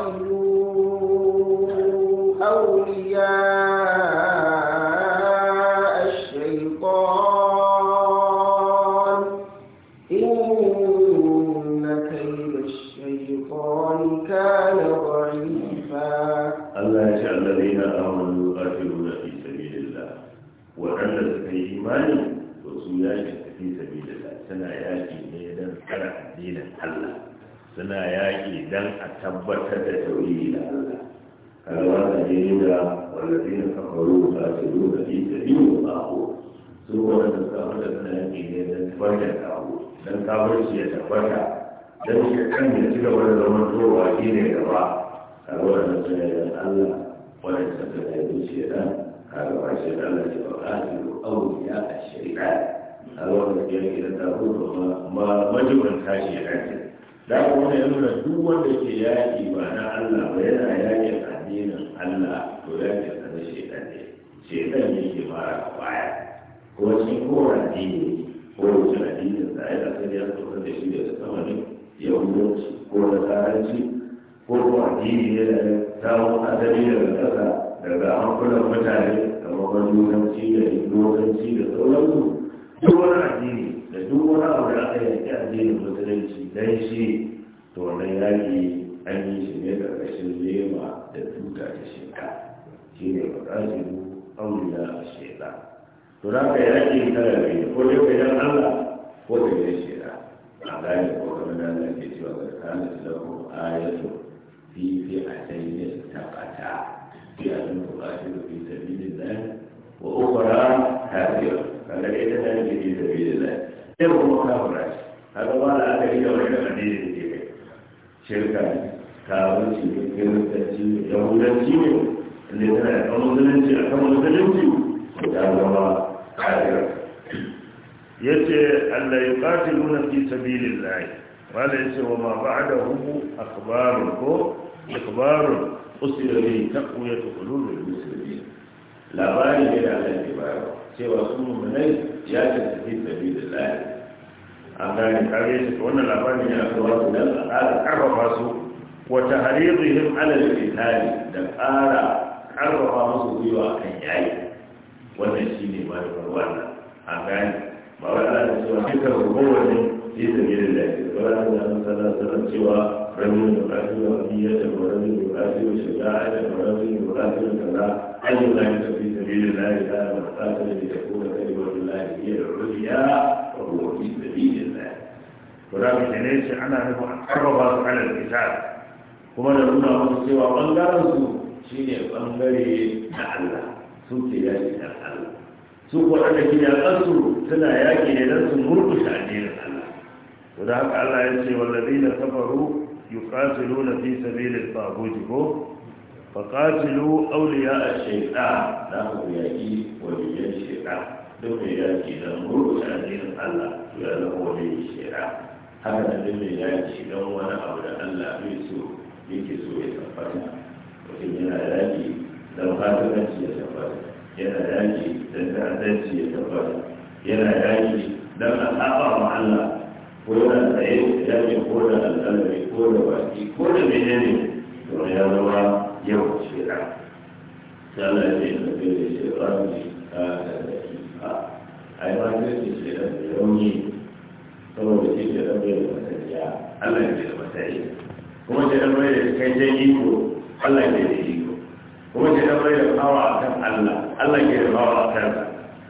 suna yaƙi don a tabbatar da tauri da Allah da wannan ne da wallazina kafaru ba su yi da da biyu ba ko su wannan suka suna yaƙi ne don tabbatar da abu don shi ya tabbata don shi kan ya ci gaba da zaman towa shi ne gaba kaga da suna yaƙi Allah wannan suka shi dan kaga shi da Allah ya faɗa auliya a shari'a a wannan yaƙi da tabbata ma majibin tashi ya dace da ku wani ya nuna duk wanda ke yaƙi ba na Allah ba yana yaƙin addinin Allah to yaƙin sa na shaitan ne shaitan ne ke fara mara baya ko cikin kowane addini ko wace addinin sa ya san ya tsoro da shi da sama ne yahudanci ko na tsaranci ko ko addini ne da samun asali daga ƙasa daga hankulan mutane kamar wani da indolanci da sauransu duk wani addini da duk wani abu da aka yanki addinin musulunci dan shi to wannan yaki an yi shi ne ƙarƙashin lema da tuta da shekka shi ne maƙasidu auliya a shekka to za ka yaki tara biyu ko dai ka yan allah ko da ya shekka a gane ko kamar da allah ke cewa ga kana da lahu ayatu fi fi a ta taƙata fi a yin buƙatu da fi sabilin nan wa ukura tafiyar kaga ita ta yi jiki da biyu da sai kuma kafura ce kaga ba da aka yi da wani da ne da ke kai shirka kawunci da kiristanci da yahudanci ne inda tana da kan musulunci a kan musulunci ta zama kafira ya ce allah ya ƙati nuna fi sabilin layi wala ya ce wa ma ba da hubu akbarun ko akbarun usirari takwiyatu ulul muslimin labari ne da Allah ke bayarwa cewa sun mummunai ya tafi sabi da lai an gane kare shi wannan labarin ya zo wasu don a ƙara ƙarfafa su wata harizihim alal qitali da ƙara ƙarfafa musu gwiwa kan yayi wannan ne ba da wannan an gane ba wani ala da cewa wa kika rubuwa ne ta sabi da lahi ba za ta zama sallallahu sanar cewa رجل يقاتل أبية ورجل يقاتل شجاعة wani يقاتل كذا أي لا في سبيل الله wani من قاتل لتكون كلمة الله هي العليا وهو في سبيل الله ولكن ليس أنا أقرب على الكتاب kuma da nuna musu cewa ɓangaren su shi ne ɓangare na Allah su ke yaƙi da Allah su waɗanda ke yaƙansu suna yaƙi ne don su murkushe addinin Allah to haka Allah ya ce wallazi da kafaru yuqatiluna fi sabilil taguti ko faqatilu awliya ash-shaytan da ku yaki waliyan shaytan duk mai yaki dan rubuta addinin Allah to ya zama waliyan shaytan haka da duk ya yaki dan wani abu da Allah bai so yake so ya tabbata mutum yana yaki dan fasikanci ya tabbata yana yaki dan ta'addanci ya tabbata yana yaki dan asaba ma Allah ko da tsaye da ne ko da alƙalami ko da baki ko da menene to ya zama yau ce da sallah ce da ke da shi rami ka da a ai ma ne ce ce da rauni saboda ce ce da bai da masariya Allah ne da masariya kuma ce da bai kai cikakken iko Allah ne da iko kuma ce da bai da hawa akan Allah Allah ke da kan akan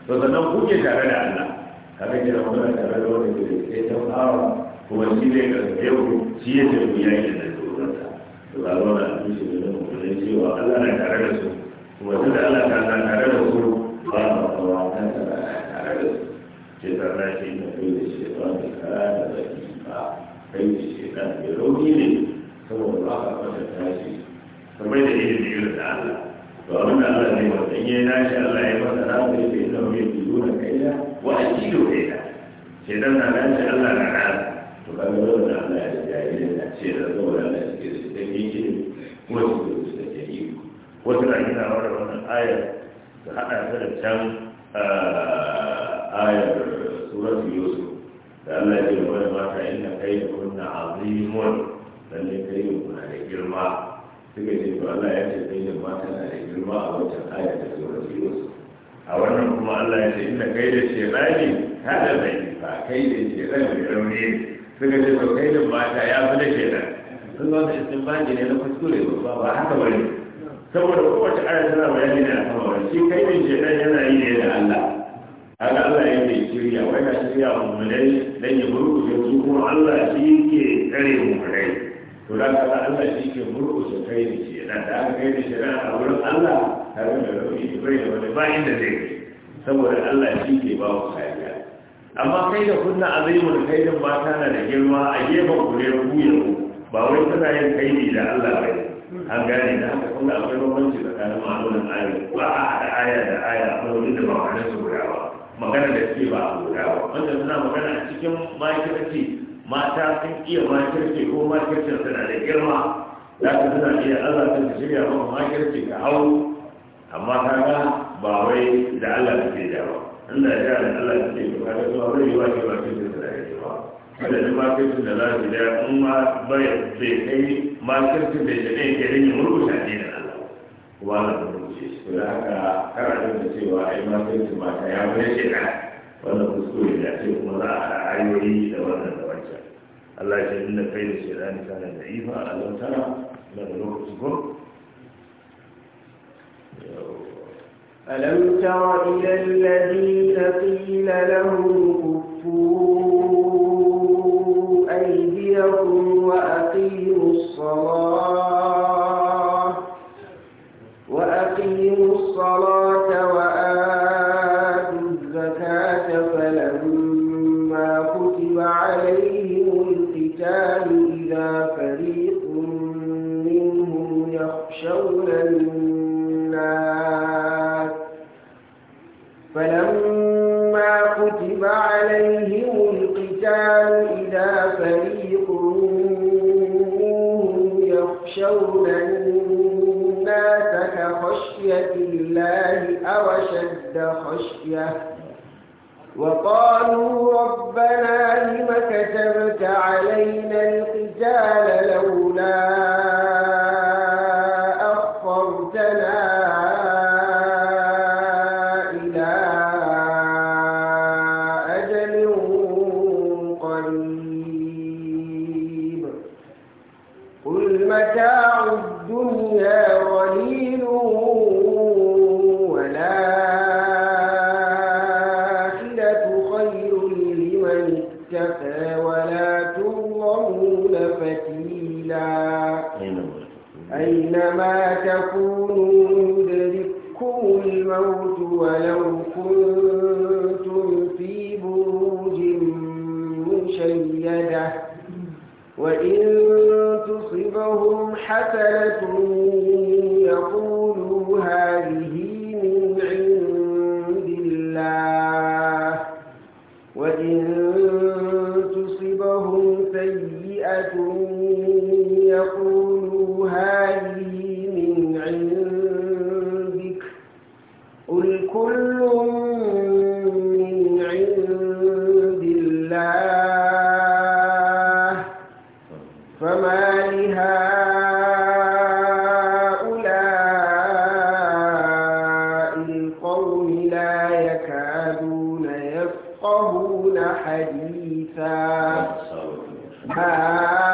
to sannan kuke tare da Allah kaga ke da magana da wani da ke ta fara kuma shi ne ga yau shi ya tafi ya yi da tsoronsa to ga wani a tushe da nan kuma cewa Allah na tare da su kuma tun da Allah ta tare da su ba a kawo ta tare da su ke tsarna shi na kai da shi ba mai kara da zaki ba kai da shi na mai rauni ne saboda ba a kwata tashi kamar da irin biyu da Allah ba wanda Allah ne wanda ya nashi Allah ya masa na da yake ina mai biyu na kai wa a kilo ɗaya sai dan na nan sai Allah na nan to kan da Allah ya yi da ce da zuwa da ke da yake kuma su da ke yi wasu na gina wa da wannan aya da hada ta da can ah, ayar suratu yusuf da Allah ya ce wa mata inna kayyakunna azimun lalle kayyin kuna da girma suka ce to Allah ya ce kayyin mata na da girma a wancan ayar da suratu yusuf a wannan kuma Allah ya ce inda kai da shedani kada da ifa kai da shedani da rauni suka ce to kai da mata ya fi da shedan sun zo da ba ne na kuskure ba ba haka bane saboda kowace aya tana bayani da kuma wani shi kai da shedan yana yi ne da Allah haka Allah ya ke shirya wai na shirya mummunai dan ya murkushe su kuma Allah shi ke tsare mummunai to da ka Allah shi ke murkushe kai da shedan da aka kai da shedan a wurin Allah abin da rauni bai da ba inda zai yi saboda Allah shi ke ba wa kariya amma kai da kunna kai kaidin ba tana da girma a gefen kure buya ba wai tana yin kai ne da Allah bai an gane da haka kuma akwai bambanci tsakanin ma'anonin ayoyi ba a haɗa aya da aya a wani da ba wani su guda ba magana da ke ba a guda ba wanda suna magana a cikin makirci mata sun iya makirci ko makircin suna da girma za ka suna iya Allah ta shirya maka makirci ka hau amma kaga ba wai da Allah kake da ba inda da Allah kake da kaga to ba yi wani ba kake da kake ba kada ni ma kake da za ki da in ma bai ce kai ma kake da shi ne ke rin murkusha ne da Allah kuma na murkushe shi to haka karatu da cewa ai ma ba ta ya wani shi da wannan kuskure da ce kuma za a ayoyi da wannan da wancan Allah ya ce inna kai da shi da ni kana da ifa a na da lokaci ko ألم تر إلى الذين قيل لهم كفوا أيديكم وأقيموا الصلاة حديثا ما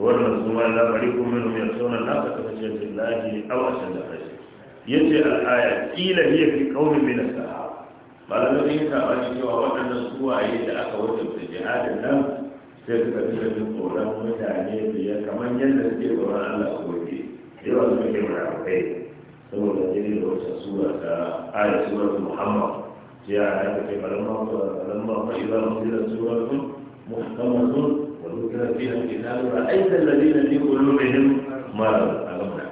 to wannan su ma la fariqu minhum yasuna an-nasa ka lahi a wasan da kashi yace al-aya kila hiya fi qawlin min as-sahaba malamin yin ka ba cewa waɗannan suwaye da aka wajabta jihadin nan sai suka fi jin tsoron mutane biyar kamar yadda suke tsoron Allah ko ke ba su ke munafikai saboda jini da wata suwa ta aya surar Muhammad sai a haka kai balamma balamma fa idan mutila suratun muhammadun وذكر فيها الكتاب رأيت الذين في قلوبهم مرض أغمنا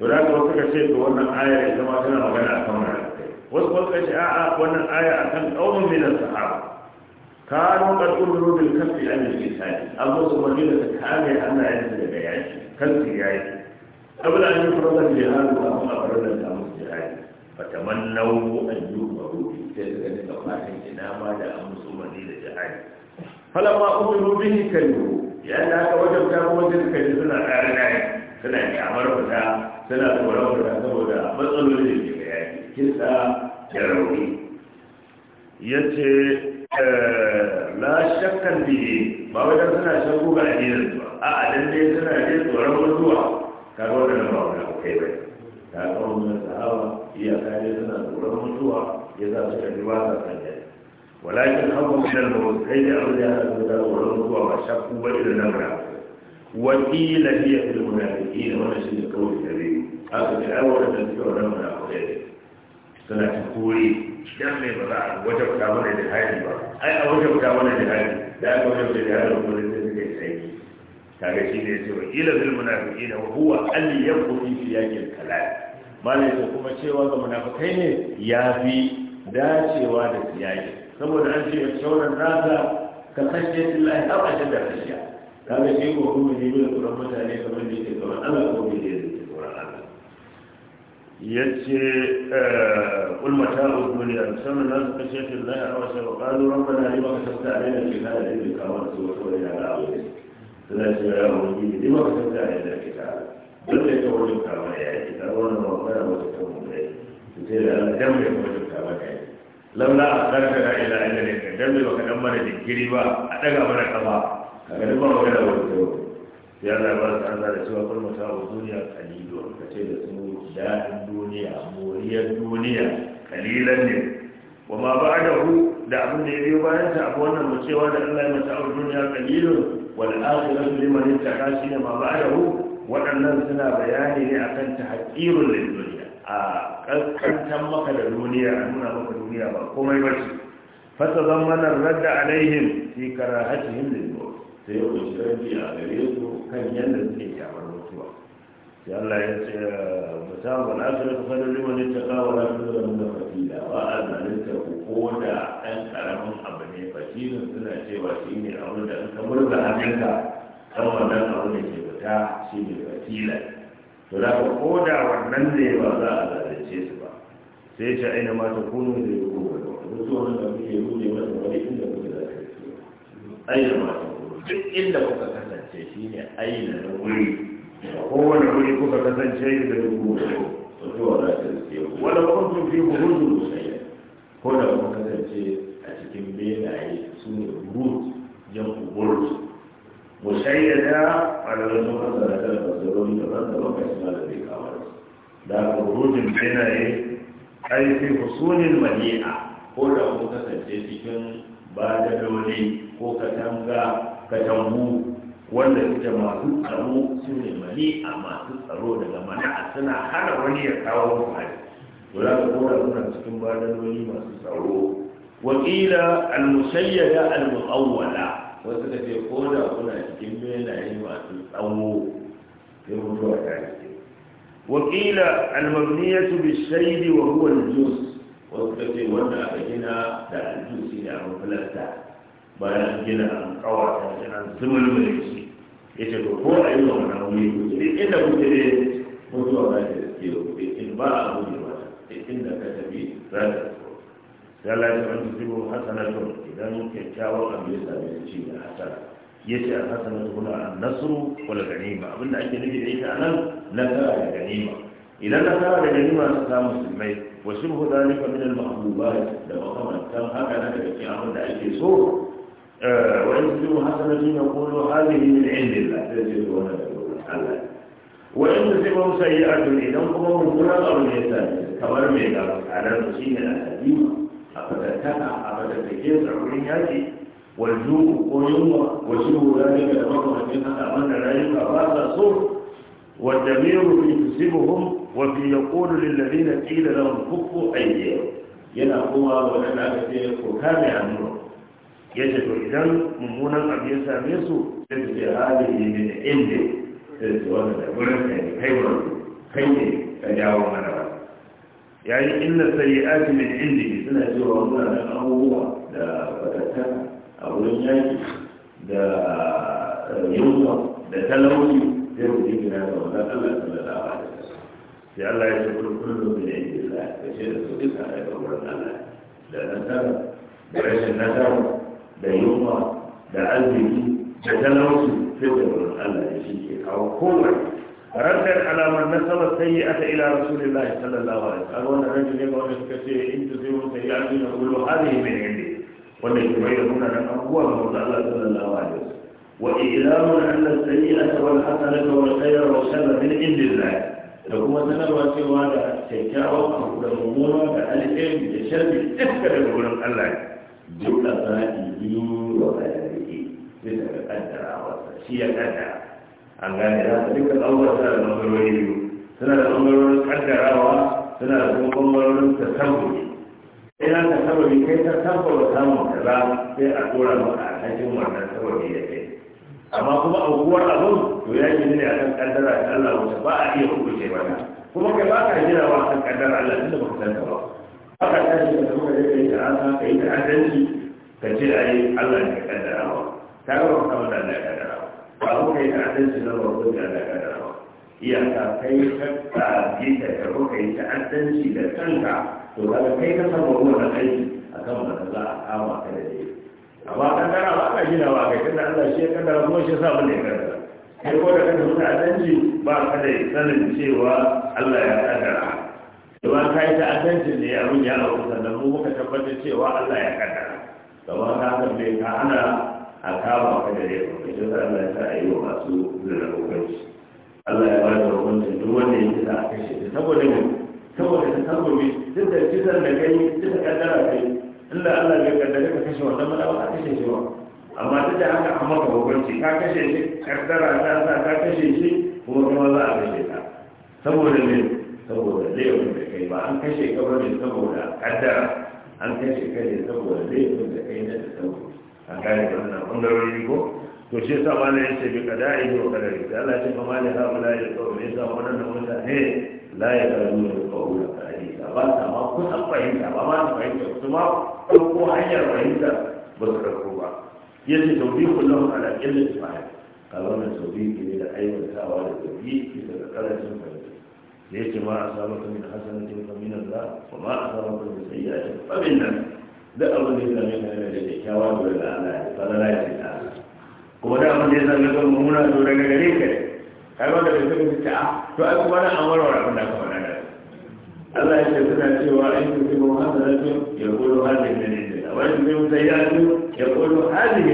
ولكن وكذا شيء وانا آية كما كان وكان أكمل وكذا شيء وانا آية أكمل قوم من الصحابة كانوا قد أمروا بالكف عن القتال الله سبحانه وتعالى أن ينزل بيعش كف يعيش قبل أن يفرض الجهاد وهم أفرد الأمر الجهاد فتمنوا أن يؤمروا بالكف لأن الله إنما لأمر سبحانه وتعالى falamma kuma yi karihu yayin da aka wajen ta kuma jin kai suna tsare nayi suna kyamar fita suna tsoron fita saboda matsaloli da ke bayani kisa da rauni yace la shakkan bihi ba wajen suna shakku ga addinin ba a adan dai suna dai tsoron mutuwa kaga wannan ba wani abu kai bai kaga wannan sahaba iyaka dai suna tsoron mutuwa ya za su karbi ba sa san walakin hagu minar da wasu kai da abin da ya haɗu da wurin zuwa ba shakku ba irin nan ra wakila biya fil munafiki da wannan shi ne kawai da zai aka ce ai wannan suke wannan munafiki ne suna kore dan ba za a wajabta mana da hali ba ai a wajabta mana da hali da aka wajabta da hali kuma yi ce da kuma cewa ga munafakai ne ya fi dacewa da siyaki saboda an ce yashaunan nasa ka kashe Allah har a da kashiya ta ga shi ko kuma ne bai tsoron mutane kamar da yake tsoron Allah ko bai da yake tsoron Allah yace ulmata duniya musamman nasu kashe Allah har a wa qalu rabbana lima kasabta alaina al-kitaba illa kama rasuluna ila al-awwal suna ce ya wani lima kasabta alaina al-kitaba dole ka wani kama ya yi ta wannan wa qala wa takammu dai sai da Allah ya mai wani kama kai laula a karka da ila inda ne kan dan bai kadan mana jinkiri ba a daga mana kafa kaga duk ba magana ba ko ya da ba ta da cewa kul mata wa duniya kalilu kace da su da'in duniya moriyar duniya kalilan ne wa ma ba'dahu da abin da ya biyo bayan ta abu wannan mu cewa da Allah ya mata wa duniya kalilu wal akhiratu liman ittaqa shine ma ba'dahu waɗannan suna bayani ne akan tahqirul lid dunya a ƙarƙantar maka da duniya a nuna maka duniya ba komai ba ce fasa zammanar radda laihin fi karahatihim da yiwu sai ya kunshi rabi a gare su kan yadda suke kyamar mutuwa sai Allah ya ce ba ta mu na kira da rima ne ta kawo na kira mun da fatila ba a zalunta ku ko da ɗan ƙaramin abu ne fatilin suna cewa shi ne abin da an kamar da hannunka kan wannan abu da ke fita shi ne fatila to da ka koda wannan ne ba za a lalace su ba sai ce aina ma ta kunu da ya kuma ba wani su wani da kuke rune masa wani inda kuke da ta ce aina ma ta kuno duk inda kuka kasance shi ne aina na wuri a kowane wuri kuka kasance da ya kuma da to to za ta ce wala kuntum fi buhudun musayya ko da kuka kasance a cikin benaye su ne burut jan burut mushayyada malamai sun kasa da kan fasarori daban daban ga da bai kawar da aka rujin benaye ƙarfi husunin mani'a ko da ku kasance cikin ba da dole ko katanga katangu wanda suke masu tsaro su ne mani a masu tsaro daga mana suna hana wani ya kawo muhari to za ka kora suna cikin badanoni masu tsaro wakila al almu'awwala wasu da ce ko da kuna cikin benaye masu tsawo sai mutuwa ta yi wakila almabniyatu shaidi wa huwa aljus wasu da ce wanda aka gina da aljusi ne a mafilarta bayan gina an kawata shi an zumulmule shi ya ce ko a yi wa wani wuri kuɗi inda kuke ne mutuwa ba ta da ke in ba a gudu ba inda ka tafi za ta ya la ya wani zibo hasanatu idan kyakkyawan abu ya same shi da hasana yace al-hasanatu huna an-nasru wal ganima abinda ake nufi da ita anan nasara da ganima idan nasara da ganima su samu musulmai wa shibhu dhalika min al-mahbubat da makamantan haka na daga cikin abin da ake so eh, wa in zibo hasanatu yaqulu hadhihi min indillah sai ce wannan daga Allah wa'in da zai ba idan kuma mummunan abu ne ya sami kamar mai gaba a nan shi ne a hadima a fatantana a fatantake a wurin yaƙi walju ko yunwa wasu hura daga da makamancin haka wanda rayuka ba sa so wadda meru fi tusibuhum wa fi yaqulu lil ladina qila lahum kuffu aiki yana kuma wani wanda aka ce ko kame hannu ya ce to idan mummunan abu ya same su da su ce hali ne da inda da su wanda da gurin kai kai kai ne ka jawo mana ba يعني إن السيئات من عنده سنة جوا أو هو ده فتاة أو الجاي ده يوسف ده تلوي ده ما تيجي ناس ولا الله صلى الله عليه في الله يقول كل من عند الله فشيء سويته على قبر الله دا نسر دا عيش ده يوسف ده ألبي ده تلوي في قبر الله يشيك أو كل raddar alamar na sama sai ata ila rasulullahi sallallahu alaihi wasallam wannan rajin ne wani suka ce in tu sai sai ya ji na kullu hadhihi min indi wanda ke mai da kuna nan abuwa ga manzo Allah sallallahu alaihi wasallam wa ilamun anna sayyi'ata wal hasanata wal khayra wa sharra min indillah da kuma sanarwa cewa da kyakkyawan abu da mummuna da alheri da sharri duka daga wurin Allah duk da sa'i biyu wa ayyuki bisa ga kaddarawa shi ya kaddara an gane za su duka tsawon suna da ɓangarori biyu suna da ɓangarorin ƙaddarawa suna da kuma ɓangarorin tasawuri ina ka sababi kai ta tabbata samun kaza sai a tura maka a cikin wannan sababi da ke. amma kuma aukuwar abin to ya yi ne akan kaddara ta Allah wacce ba a iya hukunce mata kuma kai ba ka jira ba akan kaddara Allah tunda baka san ta ba haka ta shi da kuma da kai yi asa kai ta adalci ka ce a yi Allah ne kaddara ba ta ga ba ka da Allah ya kaddara ba ku yi da adalci na ba ku da daga iyaka kai ka tsaji da ka ku kai ta'addanci da kanka to kaga kai ka san wannan aiki akan wanda za a kama ka da shi amma kan dara ba ka gina ba kai tunda Allah shi ya kaddara kuma shi sa mun ne kaddara kai ko da kan ta'addanci ba ka da sanin cewa Allah ya kaddara kuma ka yi ta'addancin ne abin ya auku sannan mu muka tabbatar cewa Allah ya kaddara kamar ka san bai ka ana a kama ka da rai ka shi Allah ya sa a yi wa masu zira hukunci Allah ya ba da hukuncin duk wanda ya kisa a kashe shi, saboda ne saboda ta saboda duk da kisan da kai duk da kaddara kai illa Allah bai kaddara ka kashe wannan mana ba a kashe shi ba amma duk da haka an maka hukunci ka kashe shi kaddara ta sa ka kashe shi kuma kuma za a kashe ka saboda ne saboda laifin da kai ba an kashe ka bane saboda kaddara an kashe ka ne saboda laifin da kai na da saboda an gane da wannan ɓangarori ko to shi yasa ma ya ce bi kada yi wa kada yi da Allah ce fa ma ne ha mala ya kawo ne yasa wannan ne. la ya kawo da kawo da kai ba ta ma ko kusan fahimta ba ma fahimta kuma ko hanyar fahimta ba su karko ba Ya ce yace tawbiqul lahum ala illati fa'il kalmar tawbiqi ne da aiwatawa da tawbiqi daga karancin fahimta da ce ma a asabaka min hasanatin fa min Allah wa ma asabaka min sayyi'atin fa min nafsik duk abin da ya same ka yana da kyakkyawa da daga Allah ya falala ya ta kuma da abin da ya same ka mummuna to daga gare ka kai wanda bai saka ta a ah, to ai kuma na an warware abin da aka faɗa da Allah ya ce suna cewa in ku ci mun hasa ya kodo halin da ne da wani zai mutu ya zo ya kodo halin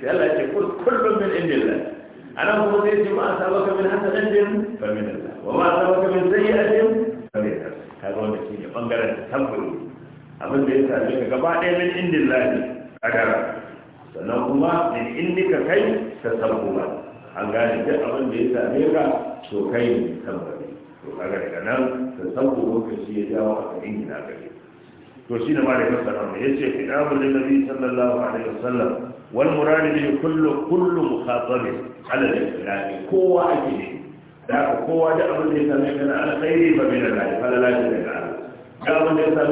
sai Allah ya ce kullum min indillah Ana kuma zai ce ma asabaka min hasanatin fa min Allah wa ma asabaka min sayyi'atin fa min nafsik kaga wanda shi bangaren tabburi abin da ya same ka gaba ɗaya min indin lahi kadara sannan kuma min ka kai ta sabuwa an gane duk abin da ya same ka to kai ne sabuwa to kaga daga nan ta sabuwa ka shi ya jawo a kan ingina gari to shi ne ma da kasa nan ya ce kitabun da nabi sallallahu alaihi wasallam wal murad bi kullu kullu mukhatab ala al-islam kowa ake ne da kowa da abin da ya same ka na alkhairi fa min al-lahi fa la ilaha illa da abin da ya same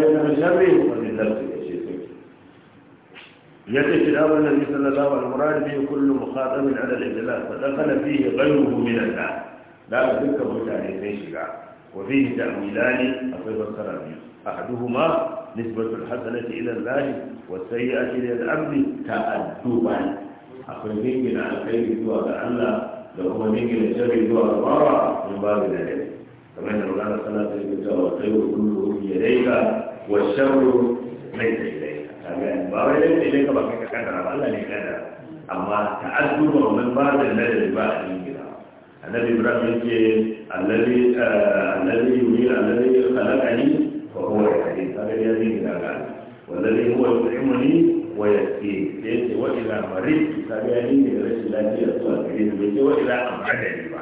ka na sharri wani zarfi ya ce sun ya ce shi da da ya sallallahu alaihi murad bi kullu mukhatamin ala al fa dakhala fihi ghayruhu min al-nas da dukkan mutane sai shiga wa fihi ta'wilani akwai fassara biyu ahaduhuma nisbatu al-hasanati ila Allah wa sayyi'ati ila al-abdi ta'adduban akwai dingina alkhairi zuwa ga Allah da kuma dingina sharri zuwa ga bawa in babu da kamar da rana sana da yi ta wa kai wa kullu ya daika wa sharru mai ta ba wai dai ne ka ba kai ka kada ba Allah ne kada amma ta'addu wa man ba da ladal ba a cikin gida annabi ibrahim yake allazi uh, allazi yuri allazi khalaqani fa huwa yahdi kaga ya zai gida ga wallazi huwa yut'imuni wa yasqi sai wa ila marid kaga ya zai gida rashin lafiya zuwa a ni bai ce wa ila amadani ba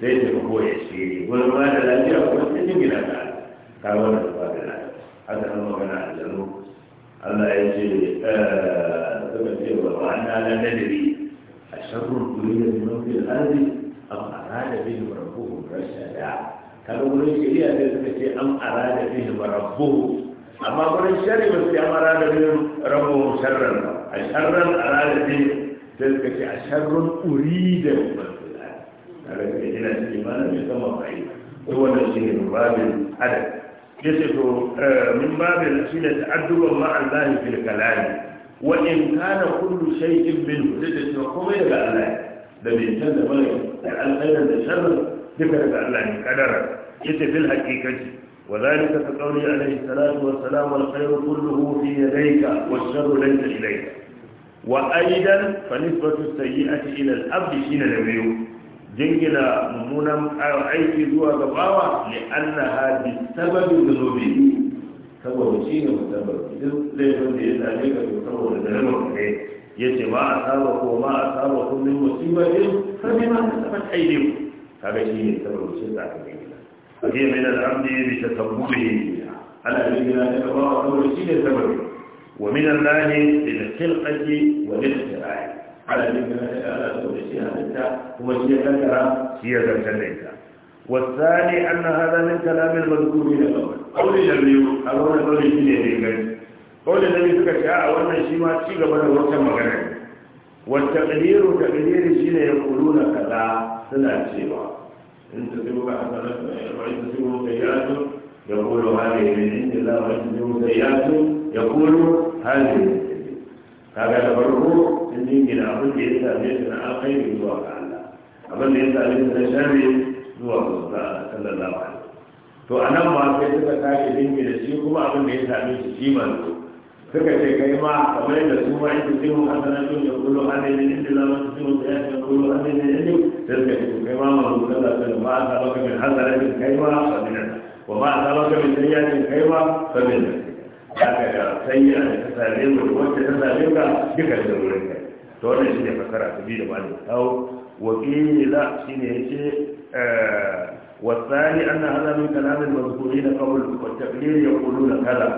sai ta ko ya ce wani ma da lafiya kuma ta jingina ta ka wannan ba da lafiya haka nan magana a jalo Allah ya ce suka ce wa wa'anna la nadri asharru dunyan min fil ardi am arada bihi rabbuhum rashada kaga wurin shari'a sai suka ce am arada bihi rabbuhum amma wurin shari'a ba su am arada bihi rabbuhum sharran ba a sharran arada bihi sai suka ce a sharrun urida a rabe yana cikin malamin sama bai ko wannan shi ne babin adab ya ce to eh, min babin shi ne ta'adduban ma'allahi fil kalami wa in kana kullu shay'in min da ce kuma ya ga Allah da bai san da bane da alkhairin da sharrin duka daga Allah ne kadara ce fil haqiqati wa zalika ka qawli alayhi salatu wa salam wal khairu kulluhu fi yadayka wash sharru laysa ilayka wa aidan fa nisbatu sayyi'ati ila al-abd shine da biyu jingina mummunan aiki zuwa ga bawa li annaha bi sababi dhunubi saboda shi ne musabbab duk laifin da ya same ka to saboda zalunci ne yace ma saba ko ma a saba kun min musibatin fa bima kasabat aydikum kaga shi ne saboda shi da aka gina kaje min al-amdi bi Ana ala gina da bawa saboda shi ne sababi wa min Allah bi tilqati wa lil على شهادتها هذا يذكر يذكر ليس والثاني أن هذا من كلام المذكور إلى قول قول النبي أقول قول النبي قول النبي فك شاء وأن شيما شيء قبل وكما كان والتقدير تقدير شين يقولون كذا سنة شيما إن تسيبك حسنة وإن تسيبك سيئات يقول هذه من عند الله وإن تسيبك سيئات يقول هذه kaga da farko sun jingina abin da ya same su na alkhairi zuwa ga Allah abin da ya same su na sharri zuwa ga Allah sallallahu alaihi to anan ma sai suka tashi dinki da shi kuma abin da ya same su shi ma manzo suka ce kai ma kamar yadda su ma in cikin hasanatun ya kullu hadin inda la man cikin da ya kullu hadin ne sai suka ce kai ma manzo sallallahu alaihi wasallam ba ta baka min hasanatin kai ma fa min wa ma ta baka min sayyatin kai ma fa min haka da sanya da ta same mu da wacce ta same ka duka da wurin kai to wannan shine fasara ta biyu da malam kawo wakila shine yace والثاني أن هذا من كلام المذكورين قبل والتقليل يقولون كذا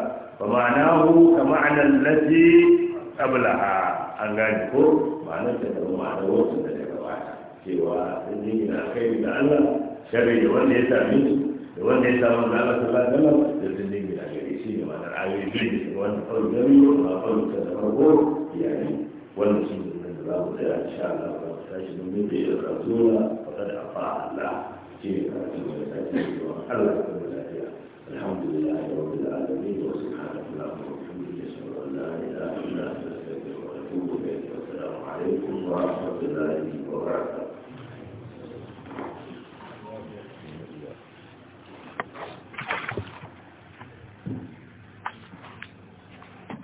فمعناه كمعنى التي قبلها أنغاني كو معنى تتبع معنى وصل تتبع cewa sun yi na kai da Allah shari da wanda ya sami da wanda ya samu da تعريفين والقول جميل والقول يعني والمسلم من الله إن شاء الله وتاشد من بيئة الرسول فقد أطاع الله في الله الحمد لله رب العالمين وسبحانك اللهم وبحمدك أشهد أن لا إله إلا أنت أستغفرك وأتوب إليك والسلام عليكم ورحمة الله وبركاته